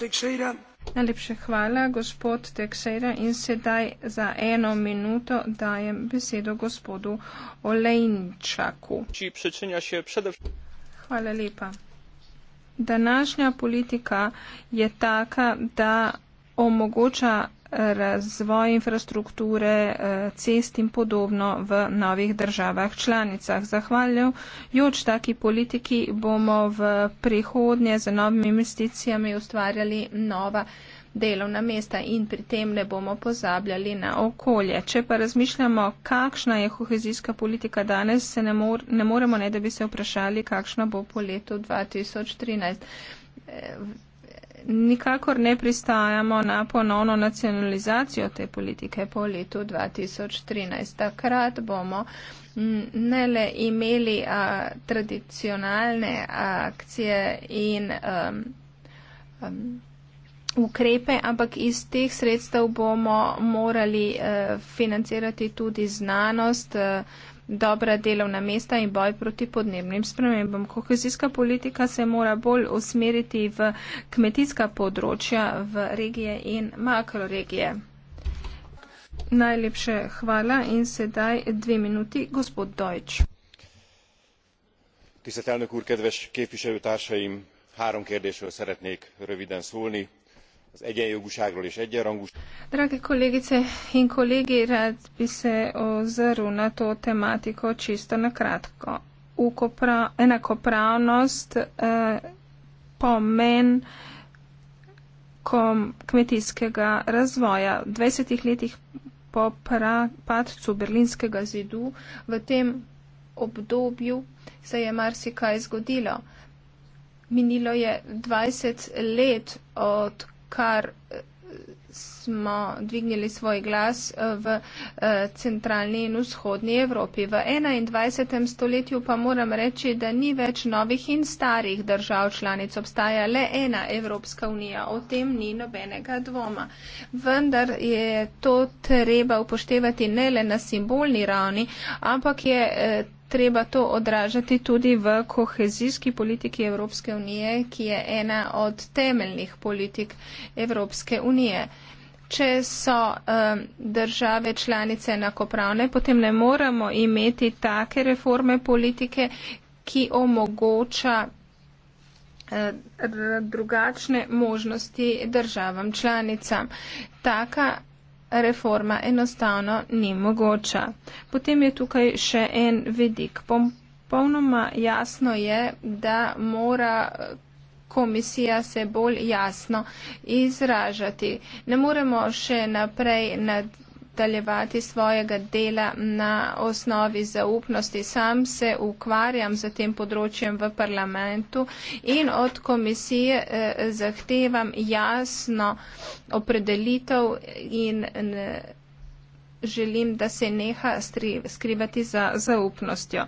Najlepše hvala, gospod Teksera. In sedaj za eno minuto dajem besedo gospodu Olejnčaku. Hvala lepa. Današnja politika je taka, da omogoča razvoj infrastrukture, eh, cest in podobno v novih državah članicah. Zahvaljujoč taki politiki bomo v prihodnje z novimi investicijami ustvarjali nova delovna mesta in pri tem ne bomo pozabljali na okolje. Če pa razmišljamo, kakšna je kohezijska politika danes, se ne, mor ne moremo ne, da bi se vprašali, kakšna bo po letu 2013 nikakor ne pristajamo na ponovno nacionalizacijo te politike po letu 2013. Takrat bomo ne le imeli a, tradicionalne akcije in a, um, ukrepe, ampak iz teh sredstev bomo morali uh, financirati tudi znanost, uh, dobra delovna mesta in boj proti podnebnim spremembam. Kohezijska politika se mora bolj usmeriti v kmetijska področja, v regije in makroregije. Najlepše hvala in sedaj dve minuti, gospod Dojč. Tiszteltelnök úr, kedves képviselőtársaim! Három kérdésről szeretnék röviden szólni az egyenjogúságról és egyenrangúságról. Dragi kolegice in kolegi, rád bi se ozrl na to tematiko čisto na kratko. Ukopra, enakopravnost, eh, pomen kom, kmetijskega razvoja. V 20 letih po pra, padcu berlinskega zidu v tem obdobju se je marsikaj zgodilo. Minilo je 20 let od kar eh, smo dvignili svoj glas eh, v eh, centralni in vzhodni Evropi. V 21. stoletju pa moram reči, da ni več novih in starih držav članic. Obstaja le ena Evropska unija, o tem ni nobenega dvoma. Vendar je to treba upoštevati ne le na simbolni ravni, ampak je treba to odražati tudi v kohezijski politiki Evropske unije, ki je ena od temeljnih politik Evropske unije. Če so um, države članice enakopravne, potem ne moremo imeti take reforme politike, ki omogoča uh, drugačne možnosti državam članicam. Taka reforma enostavno ni mogoča. Potem je tukaj še en vidik. Popolnoma jasno je, da mora eh, komisija se bolj jasno izražati. Ne moremo še naprej nadaljevati nadaljevati svojega dela na osnovi zaupnosti. Sam se ukvarjam z tem področjem v parlamentu in od komisije eh, zahtevam jasno opredelitev in eh, želim, da se neha skrivati za zaupnostjo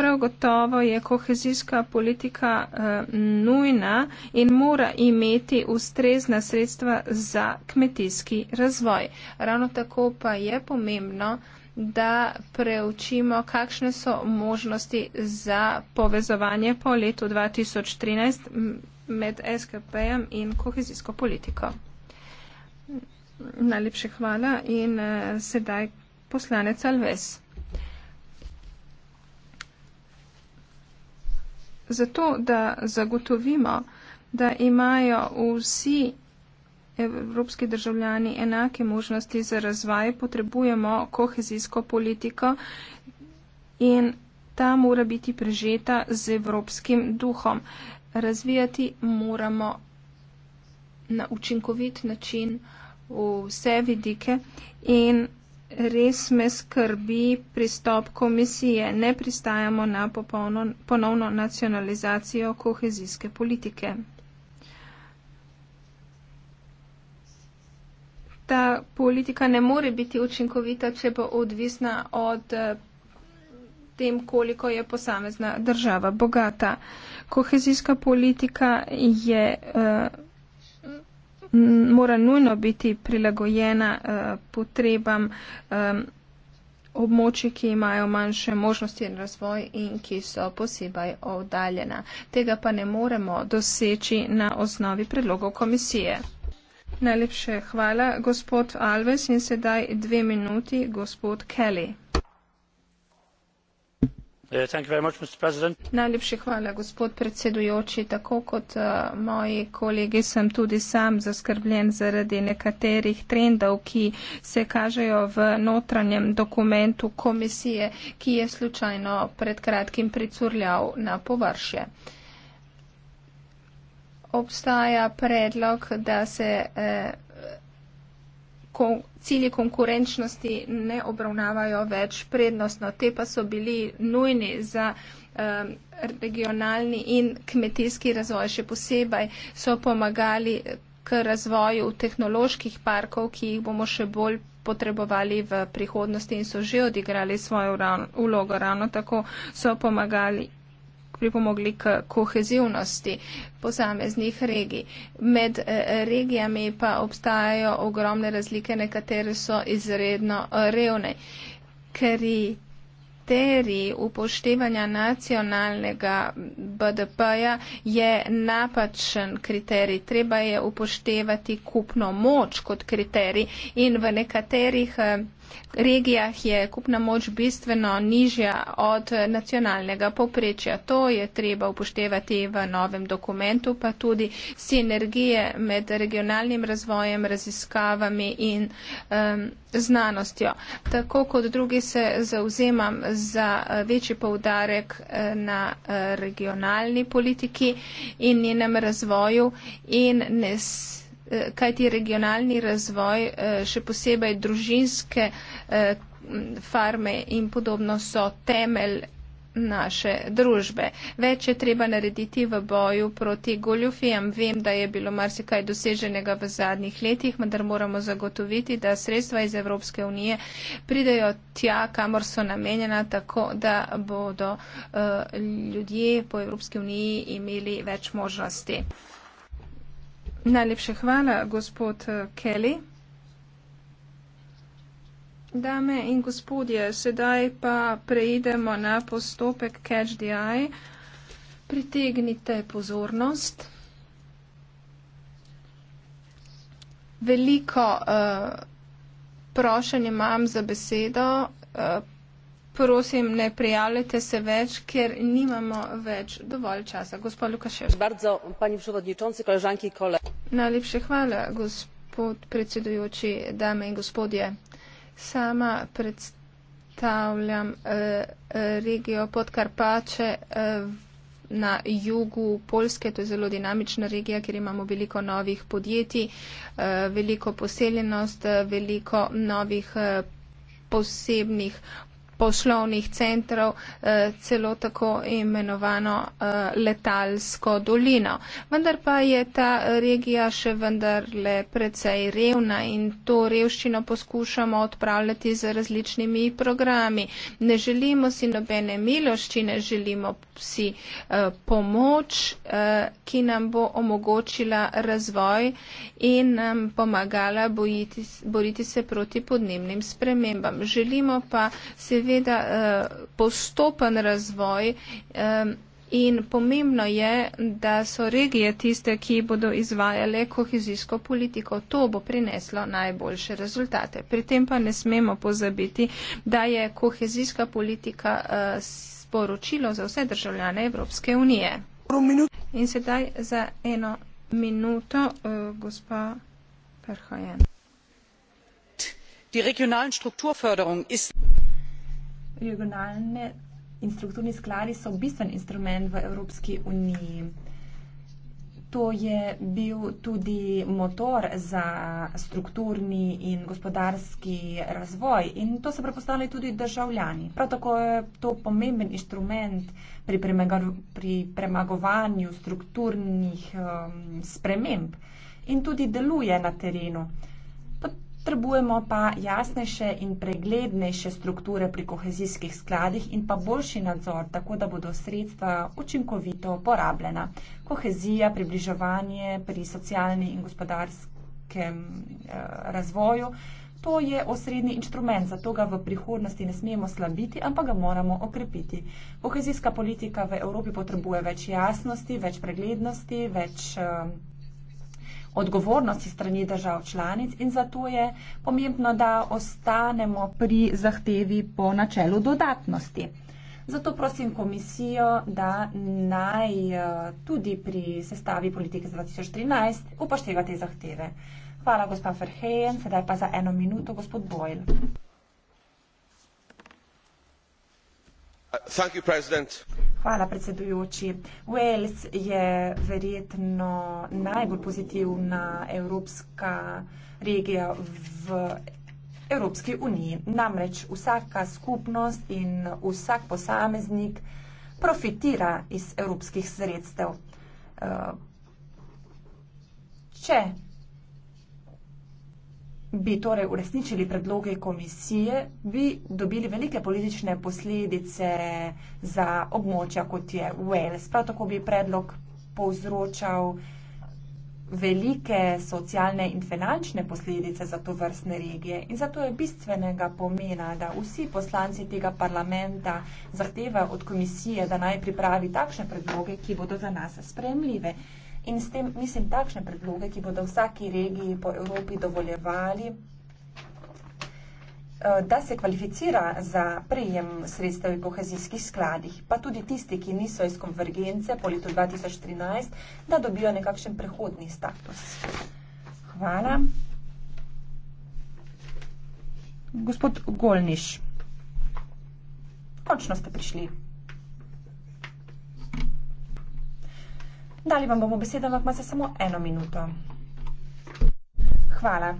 prav gotovo je kohezijska politika uh, nujna in mora imeti ustrezna sredstva za kmetijski razvoj. Ravno tako pa je pomembno, da preučimo, kakšne so možnosti za povezovanje po letu 2013 med SKP-jem in kohezijsko politiko. Najlepše hvala in uh, sedaj poslanec Alves. zato, da zagotovimo, da imajo vsi evropski državljani enake možnosti za razvaj, potrebujemo kohezijsko politiko in ta mora biti prežeta z evropskim duhom. Razvijati moramo na učinkovit način vse vidike in res me skrbi pristop komisije. Ne pristajamo na popolno, ponovno nacionalizacijo kohezijske politike. Ta politika ne more biti učinkovita, če bo odvisna od eh, tem, koliko je posamezna država bogata. Kohezijska politika je. Uh, mora nujno biti prilagojena eh, potrebam eh, območij, ki imajo manjše možnosti in razvoj in ki so posebej oddaljena. Tega pa ne moremo doseči na osnovi predlogov komisije. Najlepše hvala, gospod Alves, in sedaj dve minuti, gospod Kelly. Eh, Najlepša hvala, gospod predsedujoči. Tako kot uh, moji kolegi sem tudi sam zaskrbljen zaradi nekaterih trendov, ki se kažejo v notranjem dokumentu komisije, ki je slučajno pred kratkim pricurljal na površje. Obstaja predlog, da se. Uh, kon, cilji konkurenčnosti ne obravnavajo več prednostno. Te pa so bili nujni za um, regionalni in kmetijski razvoj. Še posebej so pomagali k razvoju tehnoloških parkov, ki jih bomo še bolj potrebovali v prihodnosti in so že odigrali svojo vlogo. Ravno tako so pomagali pripomogli k kohezivnosti posameznih regij. Med eh, regijami pa obstajajo ogromne razlike, nekatere so izredno eh, revne. Kriterij upoštevanja nacionalnega BDP-ja je napačen kriterij. Treba je upoštevati kupno moč kot kriterij in v nekaterih eh, regijah je kupna moč bistveno nižja od nacionalnega poprečja. To je treba upoštevati v novem dokumentu, pa tudi sinergije med regionalnim razvojem, raziskavami in um, znanostjo. Tako kot drugi se zauzemam za eh, večji poudarek eh, na eh, regionalni politiki in njenem razvoju in ne Eh, kajti regionalni razvoj, eh, še posebej družinske eh, farme in podobno so temelj naše družbe. Več je treba narediti v boju proti goljufijam. Vem, da je bilo marsikaj doseženega v zadnjih letih, vendar moramo zagotoviti, da sredstva iz Evropske unije pridejo tja, kamor so namenjena, tako da bodo uh, ljudje po Evropski uniji imeli več možnosti. Najlepša hvala, gospod eh, Kelly. Dame in gospodje, sedaj pa preidemo na postopek Catch the Eye. Pritegnite pozornost. Veliko uh, eh, prošenje imam za besedo. Uh, prosim, ne prijavljajte se več, ker nimamo več dovolj časa. Gospod Lukašev. Bardzo, pani przewodniczący, koleżanki i kolegi. Najlepše hvala, gospod predsedujoči, dame in gospodje. Sama predstavljam eh, regijo Podkarpače eh, na jugu Polske, to je zelo dinamična regija, kjer imamo veliko novih podjetij, e, veliko poseljenost, e, veliko novih posebnih poslovnih centrov, eh, celo tako imenovano eh, letalsko dolino. Vendar pa je ta regija še vendar le precej revna in to revščino poskušamo odpravljati z različnimi programi. Ne želimo si nobene miloščine, želimo si eh, pomoč, eh, ki nam bo omogočila razvoj in nam pomagala bojiti, boriti se proti podnebnim spremembam. Želimo pa seveda eh, postopen razvoj. In pomembno je, da so regije tiste, ki bodo izvajale kohezijsko politiko. To bo prineslo najboljše rezultate. Pri tem pa ne smemo pozabiti, da je kohezijska politika. Uh, sporočilo za vse državljane Evropske unije. In sedaj za eno minuto, uh, gospa Perhajen. Regionalne strukturne skladi so bistven instrument v Evropski uniji. To je bil tudi motor za strukturni in gospodarski razvoj in to so prepostavili tudi državljani. Prav tako je to pomemben inštrument pri, pri premagovanju strukturnih um, sprememb in tudi deluje na terenu. Trebujemo pa jasnejše in preglednejše strukture pri kohezijskih skladih in pa boljši nadzor, tako da bodo sredstva učinkovito porabljena. Kohezija, približevanje pri socialni in gospodarskem eh, razvoju, to je osrednji inštrument, zato ga v prihodnosti ne smemo slabiti, ampak ga moramo okrepiti. Kohezijska politika v Evropi potrebuje več jasnosti, več preglednosti, več. Uh, odgovornosti strani držav članic in zato je pomembno, da ostanemo pri zahtevi po načelu dodatnosti. Zato prosim komisijo, da naj eh, tudi pri sestavi politike za 2013 upošteva te zahteve. Hvala, gospod Ferhejen. Sedaj pa za eno minuto, gospod Bojl. Uh, Hvala, predsedujoči. Wales je verjetno najbolj pozitivna evropska regija v Evropski uniji. Namreč vsaka skupnost in vsak posameznik profitira iz evropskih sredstev. Uh, če bi torej uresničili predloge komisije, bi dobili velike politične posledice za območja, kot je Wales. Prav tako bi predlog povzročal velike socialne in finančne posledice za to vrstne regije. In zato je bistvenega pomena, da vsi poslanci tega parlamenta zahtevajo od komisije, da naj pripravi takšne predloge, ki bodo za nas spremljive in s tem mislim takšne predloge, ki bodo vsaki regiji po Evropi dovoljevali, eh, da se kvalificira za prejem sredstev v kohezijskih skladih, pa tudi tisti, ki niso iz konvergence po letu 2013, da dobijo nekakšen prehodni status. Hvala. Gospod Golniš, končno ste prišli. Dali vam bomo besedo, ampak imate samo eno minuto. Hvala.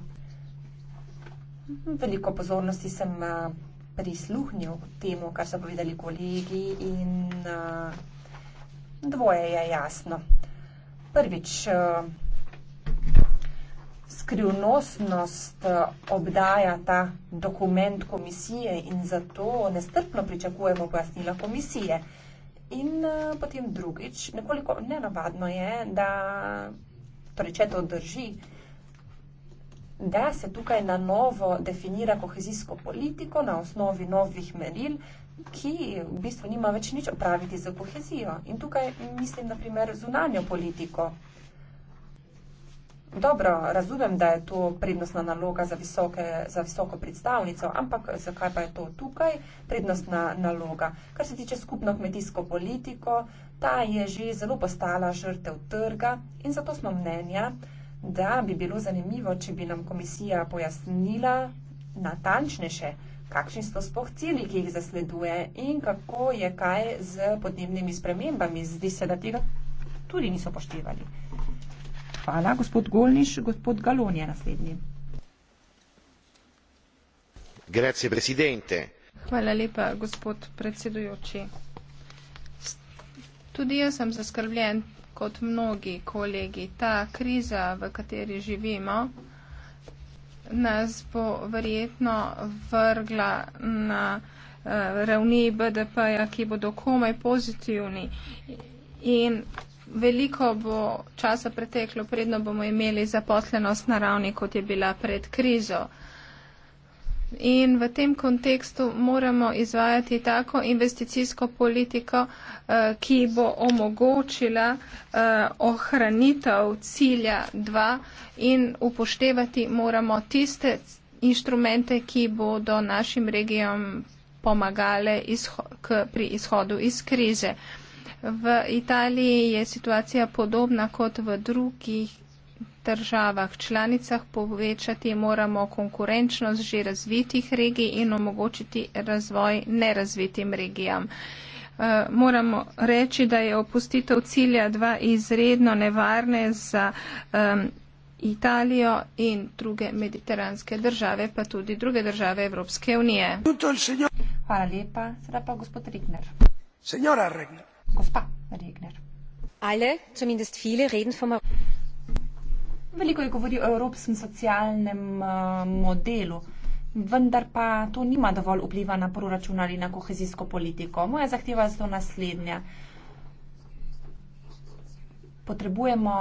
Veliko pozornosti sem eh, prisluhnil temu, kar so povedali kolegi in eh, dvoje je jasno. Prvič, eh, skrivnostnost obdaja ta dokument komisije in zato nestrpno pričakujemo pojasnila komisije. In uh, potem drugič, nekoliko nenavadno je, da preče torej, to drži, da se tukaj na novo definira kohezijsko politiko na osnovi novih meril, ki v bistvu nima več nič opraviti za kohezijo. In tukaj mislim, naprimer, zunanjo politiko. Dobro, razumem, da je to prednostna naloga za, visoke, za visoko predstavnico, ampak zakaj pa je to tukaj prednostna naloga? Kar se tiče skupno kmetijsko politiko, ta je že zelo postala žrtev trga in zato smo mnenja, da bi bilo zanimivo, če bi nam komisija pojasnila natančneje, kakšni so sploh cilji, ki jih zasleduje in kako je kaj z podnebnimi spremembami. Zdi se, da tega tudi niso poštevali. Hvala, gospod Golniš. Gospod Galon je naslednji. Grazie, presidente. Hvala lepa, gospod predsedujoči. Tudi jaz sem zaskrbljen, kot mnogi kolegi. Ta kriza, v kateri živimo, nas bo verjetno vrgla na eh, ravni BDP-ja, ki bodo komaj pozitivni. In veliko bo časa preteklo, predno bomo imeli zaposlenost na ravni, kot je bila pred krizo. In v tem kontekstu moramo izvajati tako investicijsko politiko, eh, ki bo omogočila eh, ohranitev cilja 2 in upoštevati moramo tiste inštrumente, ki bodo našim regijam pomagale izho pri izhodu iz krize. V Italiji je situacija podobna kot v drugih državah članicah. Povečati moramo konkurenčnost že razvitih regij in omogočiti razvoj nerazvitim regijam. Eh, moramo reči, da je opustitev cilja 2 izredno nevarne za um, Italijo in druge mediteranske države, pa tudi druge države Evropske unije. Hvala lepa. Sedaj pa gospod Rigner. Signora Rigner. Gospa Regner. Alle, zumindest viele, reden vom. Veliko je govoril o evropskem socialnem eh, modelu, vendar pa to nima dovolj vpliva na proračun ali na kohezijsko politiko. Moja zahteva je zato naslednja. Potrebujemo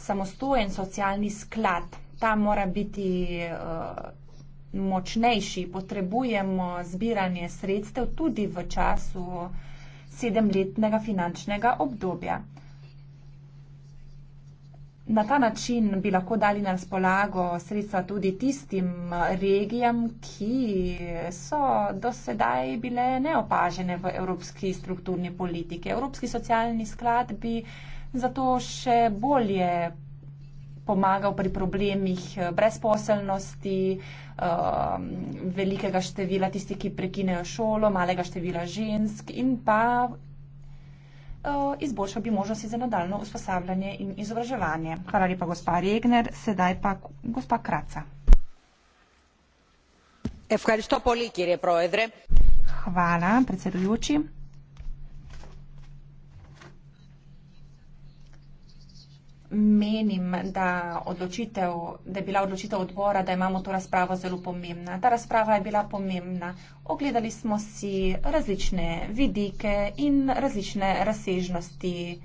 samostojen socialni sklad. Ta mora biti uh, močnejši. Potrebujemo zbiranje sredstev tudi v času uh, sedemletnega finančnega obdobja. Na ta način bi lahko dali na razpolago sredstva tudi tistim regijam, ki so dosedaj bile neopažene v evropski strukturni politiki. Evropski socialni sklad bi zato še bolje pomagal pri problemih eh, brezposelnosti, eh, velikega števila tistih, ki prekinejo šolo, malega števila žensk in pa eh, izboljšal bi možnosti za nadaljno usposabljanje in izobraževanje. Hvala lepa, gospa Regner, sedaj pa gospa Kraca. Hvala, predsedujoči. menim, da, da je bila odločitev odbora, da imamo to razpravo zelo pomembna. Ta razprava je bila pomembna. Ogledali smo si različne vidike in različne razsežnosti,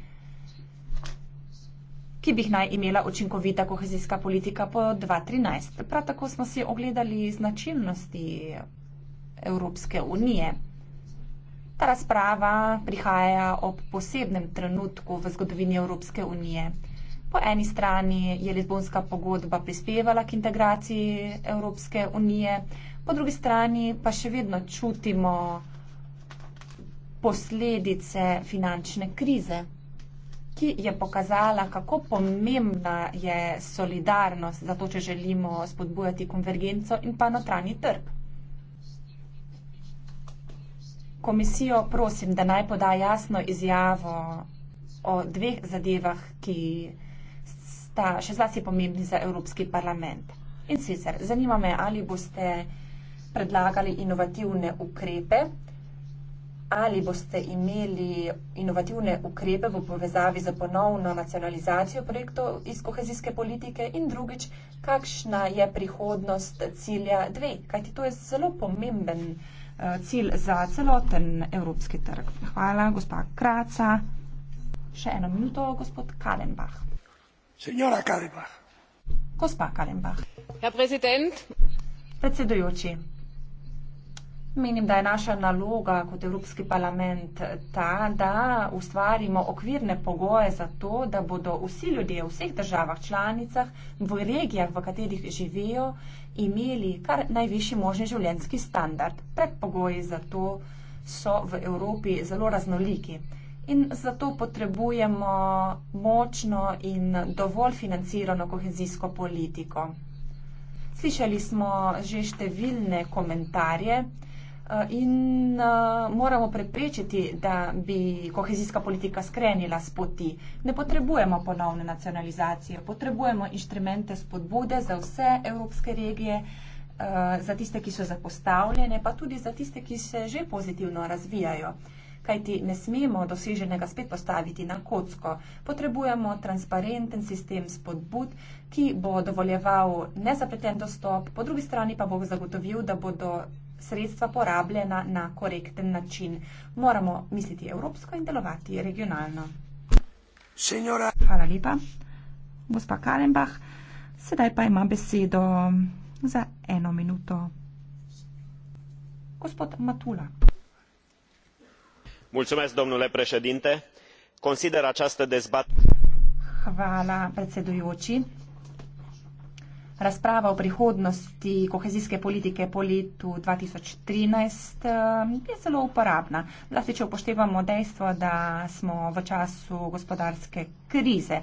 ki bi jih naj imela učinkovita kohezijska politika po 2013. Prav tako smo si ogledali značilnosti Evropske unije. Ta razprava prihaja ob posebnem trenutku v zgodovini Evropske unije. Po eni strani je Lizbonska pogodba prispevala k integraciji Evropske unije, po drugi strani pa še vedno čutimo posledice finančne krize, ki je pokazala, kako pomembna je solidarnost, zato če želimo spodbujati konvergenco in pa notranji trg. Komisijo prosim, da naj poda jasno izjavo o dveh zadevah, ki jih sta še zlasti pomembni za Evropski parlament. In sicer zanima me, ali boste predlagali inovativne ukrepe, ali boste imeli inovativne ukrepe v povezavi z ponovno nacionalizacijo projektov iz kohezijske politike in drugič, kakšna je prihodnost cilja dve, kajti to je zelo pomemben eh, cilj za celoten evropski trg. Hvala, gospa Kraca. Še eno minuto, gospod Kalenbach herr präsident predsedujoči menim da je naša naloga kot evropski parlament ta da ustvarimo okvirne pogoje za to da bodo vsi ljudje v vseh državah članicah v regijah v katerih živijo imeli kar najvišji možni življenjski standard predpogoji za to so v evropi zelo raznoliki in zato potrebujemo močno in dovolj financirano kohezijsko politiko. Slišali smo že številne komentarje eh, in eh, moramo preprečiti, da bi kohezijska politika skrenila z poti. Ne potrebujemo ponovne nacionalizacije, potrebujemo inštrumente spodbude za vse evropske regije, eh, za tiste, ki so zapostavljene, pa tudi za tiste, ki se že pozitivno razvijajo kajti ne smemo doseženega spet postaviti na kocko. Potrebujemo transparenten sistem spodbud, ki bo dovoljeval nezapreten dostop, po drugi strani pa bo zagotovil, da bodo sredstva porabljena na korekten način. Moramo misliti evropsko in delovati regionalno. Senjora. Hvala lepa, gospa Karenbach. Sedaj pa ima besedo za eno minuto. Gospod Matula consider această dezbatere rasprava o prihodnosti kohezijske politike po letu dva tisoč trinajst eh, je zelo uporabna zlasti če upoštevamo dejstvo da smo v času gospodarske krize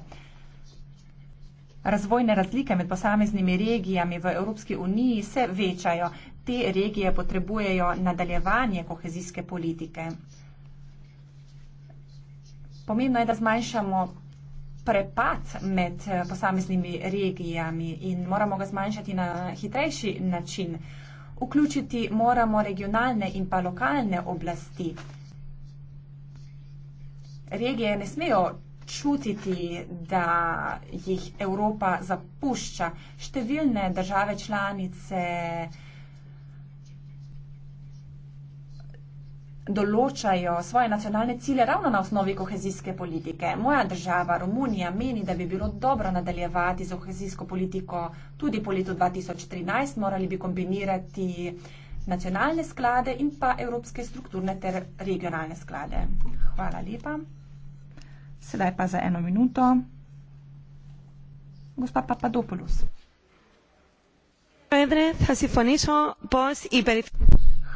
razvojne razlike med posameznimi regijami v evropski uniji se večajo te regije potrebujejo nadaljevanje kohezijske politike Pomembno je, da zmanjšamo prepad med eh, posameznimi regijami in moramo ga zmanjšati na hitrejši način. Vključiti moramo regionalne in pa lokalne oblasti. Regije ne smejo čutiti, da jih Evropa zapušča. Številne države članice določajo svoje nacionalne cilje ravno na osnovi kohezijske politike. Moja država, Romunija, meni, da bi bilo dobro nadaljevati z kohezijsko politiko tudi po letu 2013. Morali bi kombinirati nacionalne sklade in pa evropske strukturne ter regionalne sklade. Hvala lepa. Sedaj pa za eno minuto. Gospa Papadopoulos.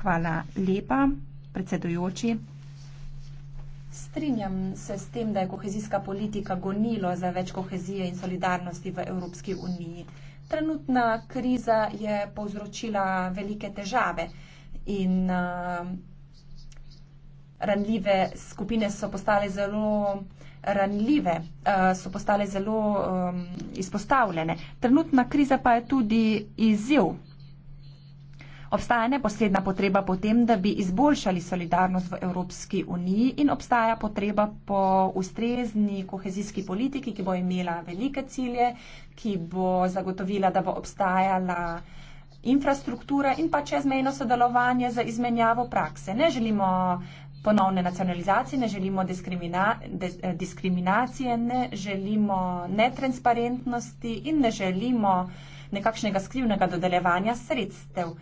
Hvala lepa predsedujoči. Strinjam se s tem, da je kohezijska politika gonilo za več kohezije in solidarnosti v Evropski uniji. Trenutna kriza je povzročila velike težave in uh, ranljive skupine so postale zelo ranljive, uh, so postale zelo um, izpostavljene. Trenutna kriza pa je tudi izziv Obstaja neposredna potreba po tem, da bi izboljšali solidarnost v Evropski uniji in obstaja potreba po ustrezni kohezijski politiki, ki bo imela velike cilje, ki bo zagotovila, da bo obstajala infrastruktura in pa čezmejno sodelovanje za izmenjavo prakse. Ne želimo ponovne nacionalizacije, ne želimo diskrimina, des, eh, diskriminacije, ne želimo netransparentnosti in ne želimo nekakšnega skrivnega dodelevanja sredstev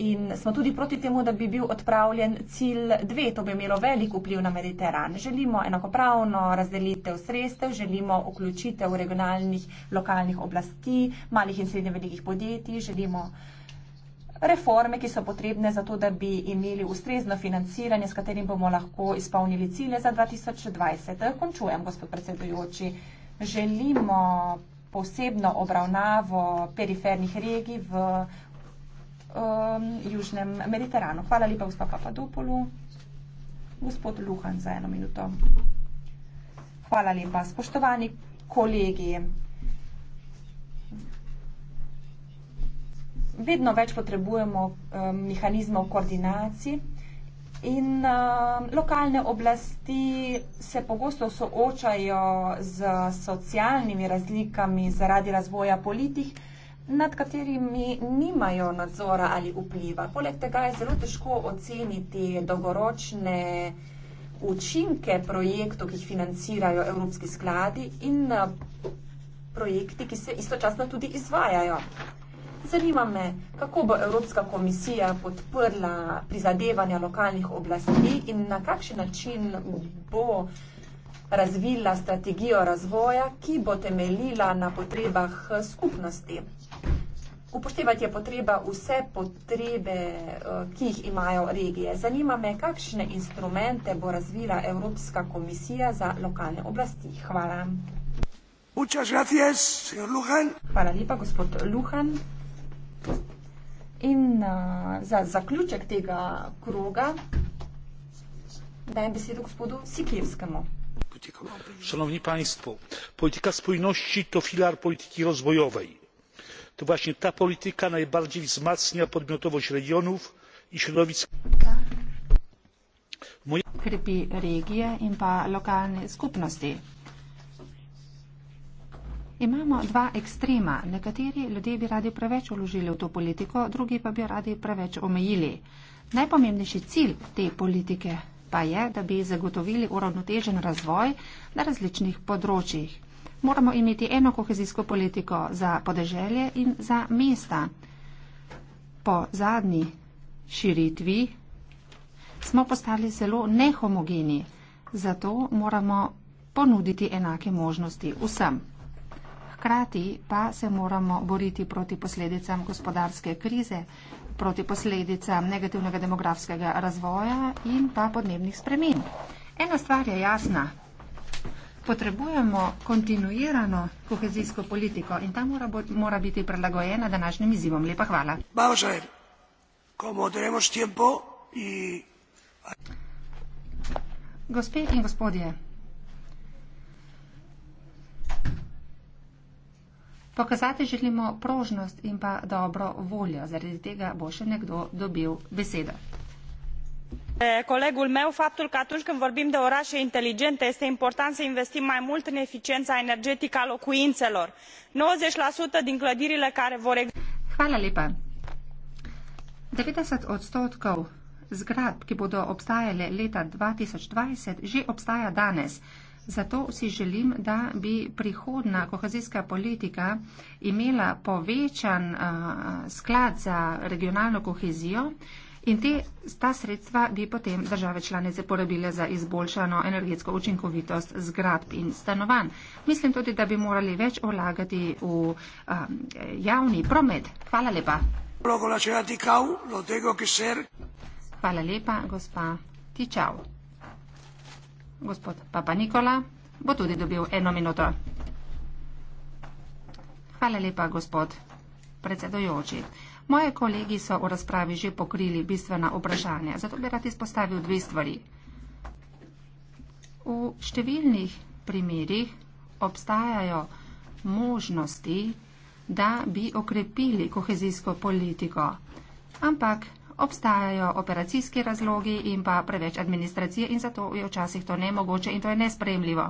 in smo tudi proti temu, da bi bil odpravljen cilj dve. To bi imelo velik vpliv na Mediteran. Želimo enakopravno razdelitev sredstev, želimo vključitev regionalnih lokalnih oblasti, malih in srednje velikih podjetij, želimo reforme, ki so potrebne za to, da bi imeli ustrezno financiranje, s katerim bomo lahko izpolnili cilje za 2020. Končujem, gospod predsedujoči. Želimo posebno obravnavo perifernih regij v um, južnem Mediteranu. Hvala lepa, gospod Papadopolu. Gospod Luhan, za eno minuto. Hvala lepa, spoštovani kolegi. Vedno več potrebujemo um, mehanizmov koordinacij in um, lokalne oblasti se pogosto soočajo z socialnimi razlikami zaradi razvoja politik nad katerimi nimajo nadzora ali vpliva. Poleg tega je zelo težko oceniti dolgoročne učinke projektov, ki jih financirajo evropski skladi in projekti, ki se istočasno tudi izvajajo. Zanima me, kako bo Evropska komisija podprla prizadevanja lokalnih oblasti in na kakšen način bo uh, razvila strategijo razvoja, ki bo temeljila na potrebah eh, skupnosti. Upoštevati je potreba vse potrebe, eh, ki jih imajo regije. Zanima me, kakšne instrumente bo razvila Evropska komisija za lokalne oblasti. Hvala. Gracias, Hvala lepa, gospod Luhan. In uh, za zaključek tega kroga dajem besedo gospodu Sikljevskemu polityka spójności to filar polityki rozwojowej. to właśnie ta polityka najbardziej wzmacnia podmiotowość regionów i środowisk. imamo dva ekstrema nekateri ljudje bi radi preveč vložili v to politiko drugi pa bi radi preveč omejili najpomembnejši cilj te politike pa je, da bi zagotovili uravnotežen razvoj na različnih področjih. Moramo imeti eno kohezijsko politiko za podeželje in za mesta. Po zadnji širitvi smo postali zelo nehomogeni, zato moramo ponuditi enake možnosti vsem. Hkrati pa se moramo boriti proti posledicam gospodarske krize, proti posledicam negativnega demografskega razvoja in pa podnebnih sprememb. Ena stvar je jasna. Potrebujemo kontinuirano kohezijsko politiko in ta mora, mora biti prilagojena današnjim izzivom. Lepa hvala. Gospe in gospodje, Pokazati želimo prožnost in pa dobro voljo. Zaradi tega bo še nekdo dobil besedo. E, colegul meu, faptul că atunci când vorbim de orașe inteligente, este important să investim mai mult în eficiența energetică a locuințelor. 90% din clădirile care vor Hvala lepa. 90 odstotkov zgrad, ki bodo obstajale leta 2020, že obstaja danes. Zato si želim, da bi prihodna kohezijska politika imela povečan sklad za regionalno kohezijo in te, ta sredstva bi potem države članice porabile za izboljšano energetsko učinkovitost zgradb in stanovanj. Mislim tudi, da bi morali več vlagati v javni promet. Hvala lepa. Hvala lepa, gospa Tičav gospod Papa Nikola bo tudi dobil eno minuto. Hvala lepa, gospod predsedojoči. Moje kolegi so v razpravi že pokrili bistvena vprašanja, zato bi rad izpostavil dve stvari. V številnih primerjih obstajajo možnosti, da bi okrepili kohezijsko politiko, ampak obstajajo operacijski razlogi in pa preveč administracije in zato je včasih to nemogoče in to je nespremljivo.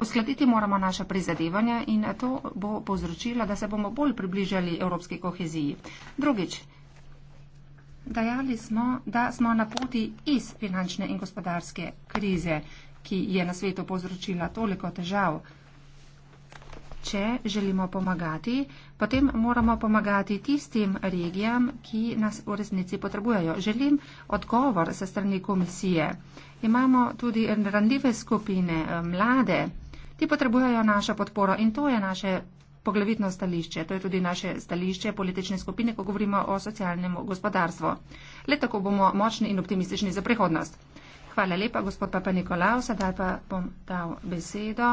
Uskladiti moramo naše prizadevanja in to bo povzročilo, da se bomo bolj približali evropski koheziji. Drugič, dajali smo, da smo na poti iz finančne in gospodarske krize, ki je na svetu povzročila toliko težav če želimo pomagati, potem moramo pomagati tistim regijam, ki nas v resnici potrebujejo. Želim odgovor se strani komisije. Imamo tudi randive skupine, eh, mlade, ki potrebujejo našo podporo in to je naše poglavitno stališče. To je tudi naše stališče politične skupine, ko govorimo o socialnem gospodarstvu. Le tako bomo močni in optimistični za prihodnost. Hvala lepa, gospod Papa Nikolaus. Sedaj pa bom dal besedo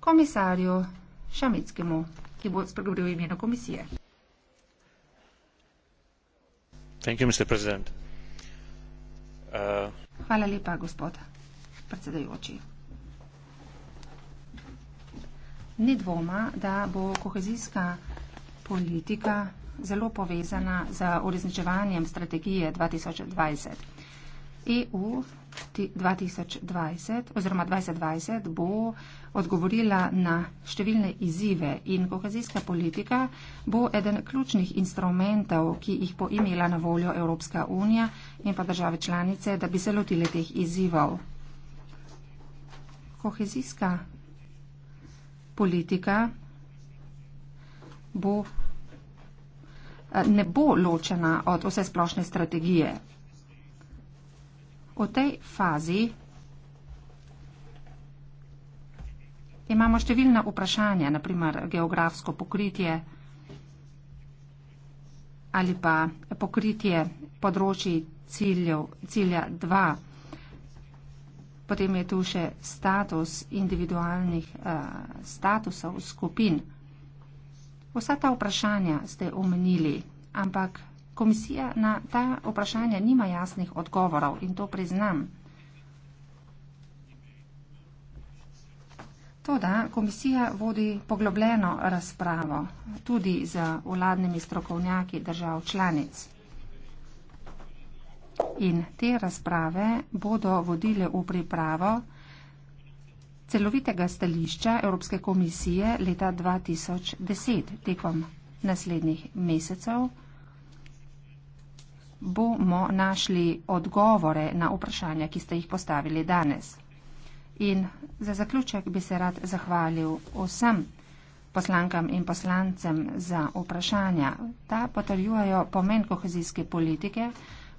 komisarju Šamickemu, ki bo spregovoril v imenu komisije. You, uh, Hvala lepa, gospod predsedajoči. Ni dvoma, da bo kohezijska politika zelo povezana z uresničevanjem strategije 2020. EU 2020 oziroma 2020 bo odgovorila na številne izzive in kohezijska politika bo eden ključnih instrumentov, ki jih bo imela na voljo Evropska unija in pa države članice, da bi se lotile teh izzivov. Kohezijska politika bo, eh, ne bo ločena od vse splošne strategije. V tej fazi imamo številna vprašanja, naprimer geografsko pokritje ali pa pokritje področji ciljev, cilja 2. Potem je tu še status individualnih uh, statusov skupin. Vsa ta vprašanja ste omenili, ampak Komisija na ta vprašanja nima jasnih odgovorov in to priznam. Toda komisija vodi poglobljeno razpravo tudi z vladnimi strokovnjaki držav članic. In te razprave bodo vodile v pripravo celovitega stališča Evropske komisije leta 2010 tekom naslednjih mesecev bomo našli odgovore na vprašanja, ki ste jih postavili danes. In za zaključek bi se rad zahvalil vsem poslankam in poslancem za vprašanja. Ta potrjujejo pomen kohezijske politike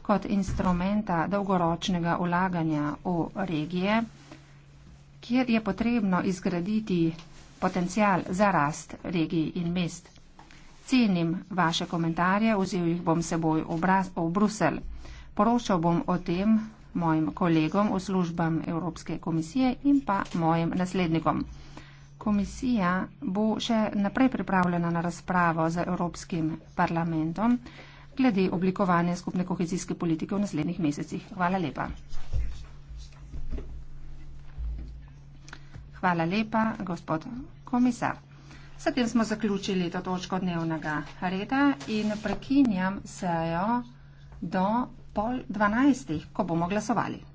kot instrumenta dolgoročnega ulaganja v regije, kjer je potrebno izgraditi potencial za rast regij in mest. Cenim vaše komentarje, vzel jih bom seboj v Bruselj. Poročal bom o tem mojim kolegom v službam Evropske komisije in pa mojim naslednikom. Komisija bo še naprej pripravljena na razpravo z Evropskim parlamentom glede oblikovanja skupne kohezijske politike v naslednjih mesecih. Hvala lepa. Hvala lepa, gospod komisar. S tem smo zaključili to točko dnevnega reda in prekinjam sejo do pol dvanajstih, ko bomo glasovali.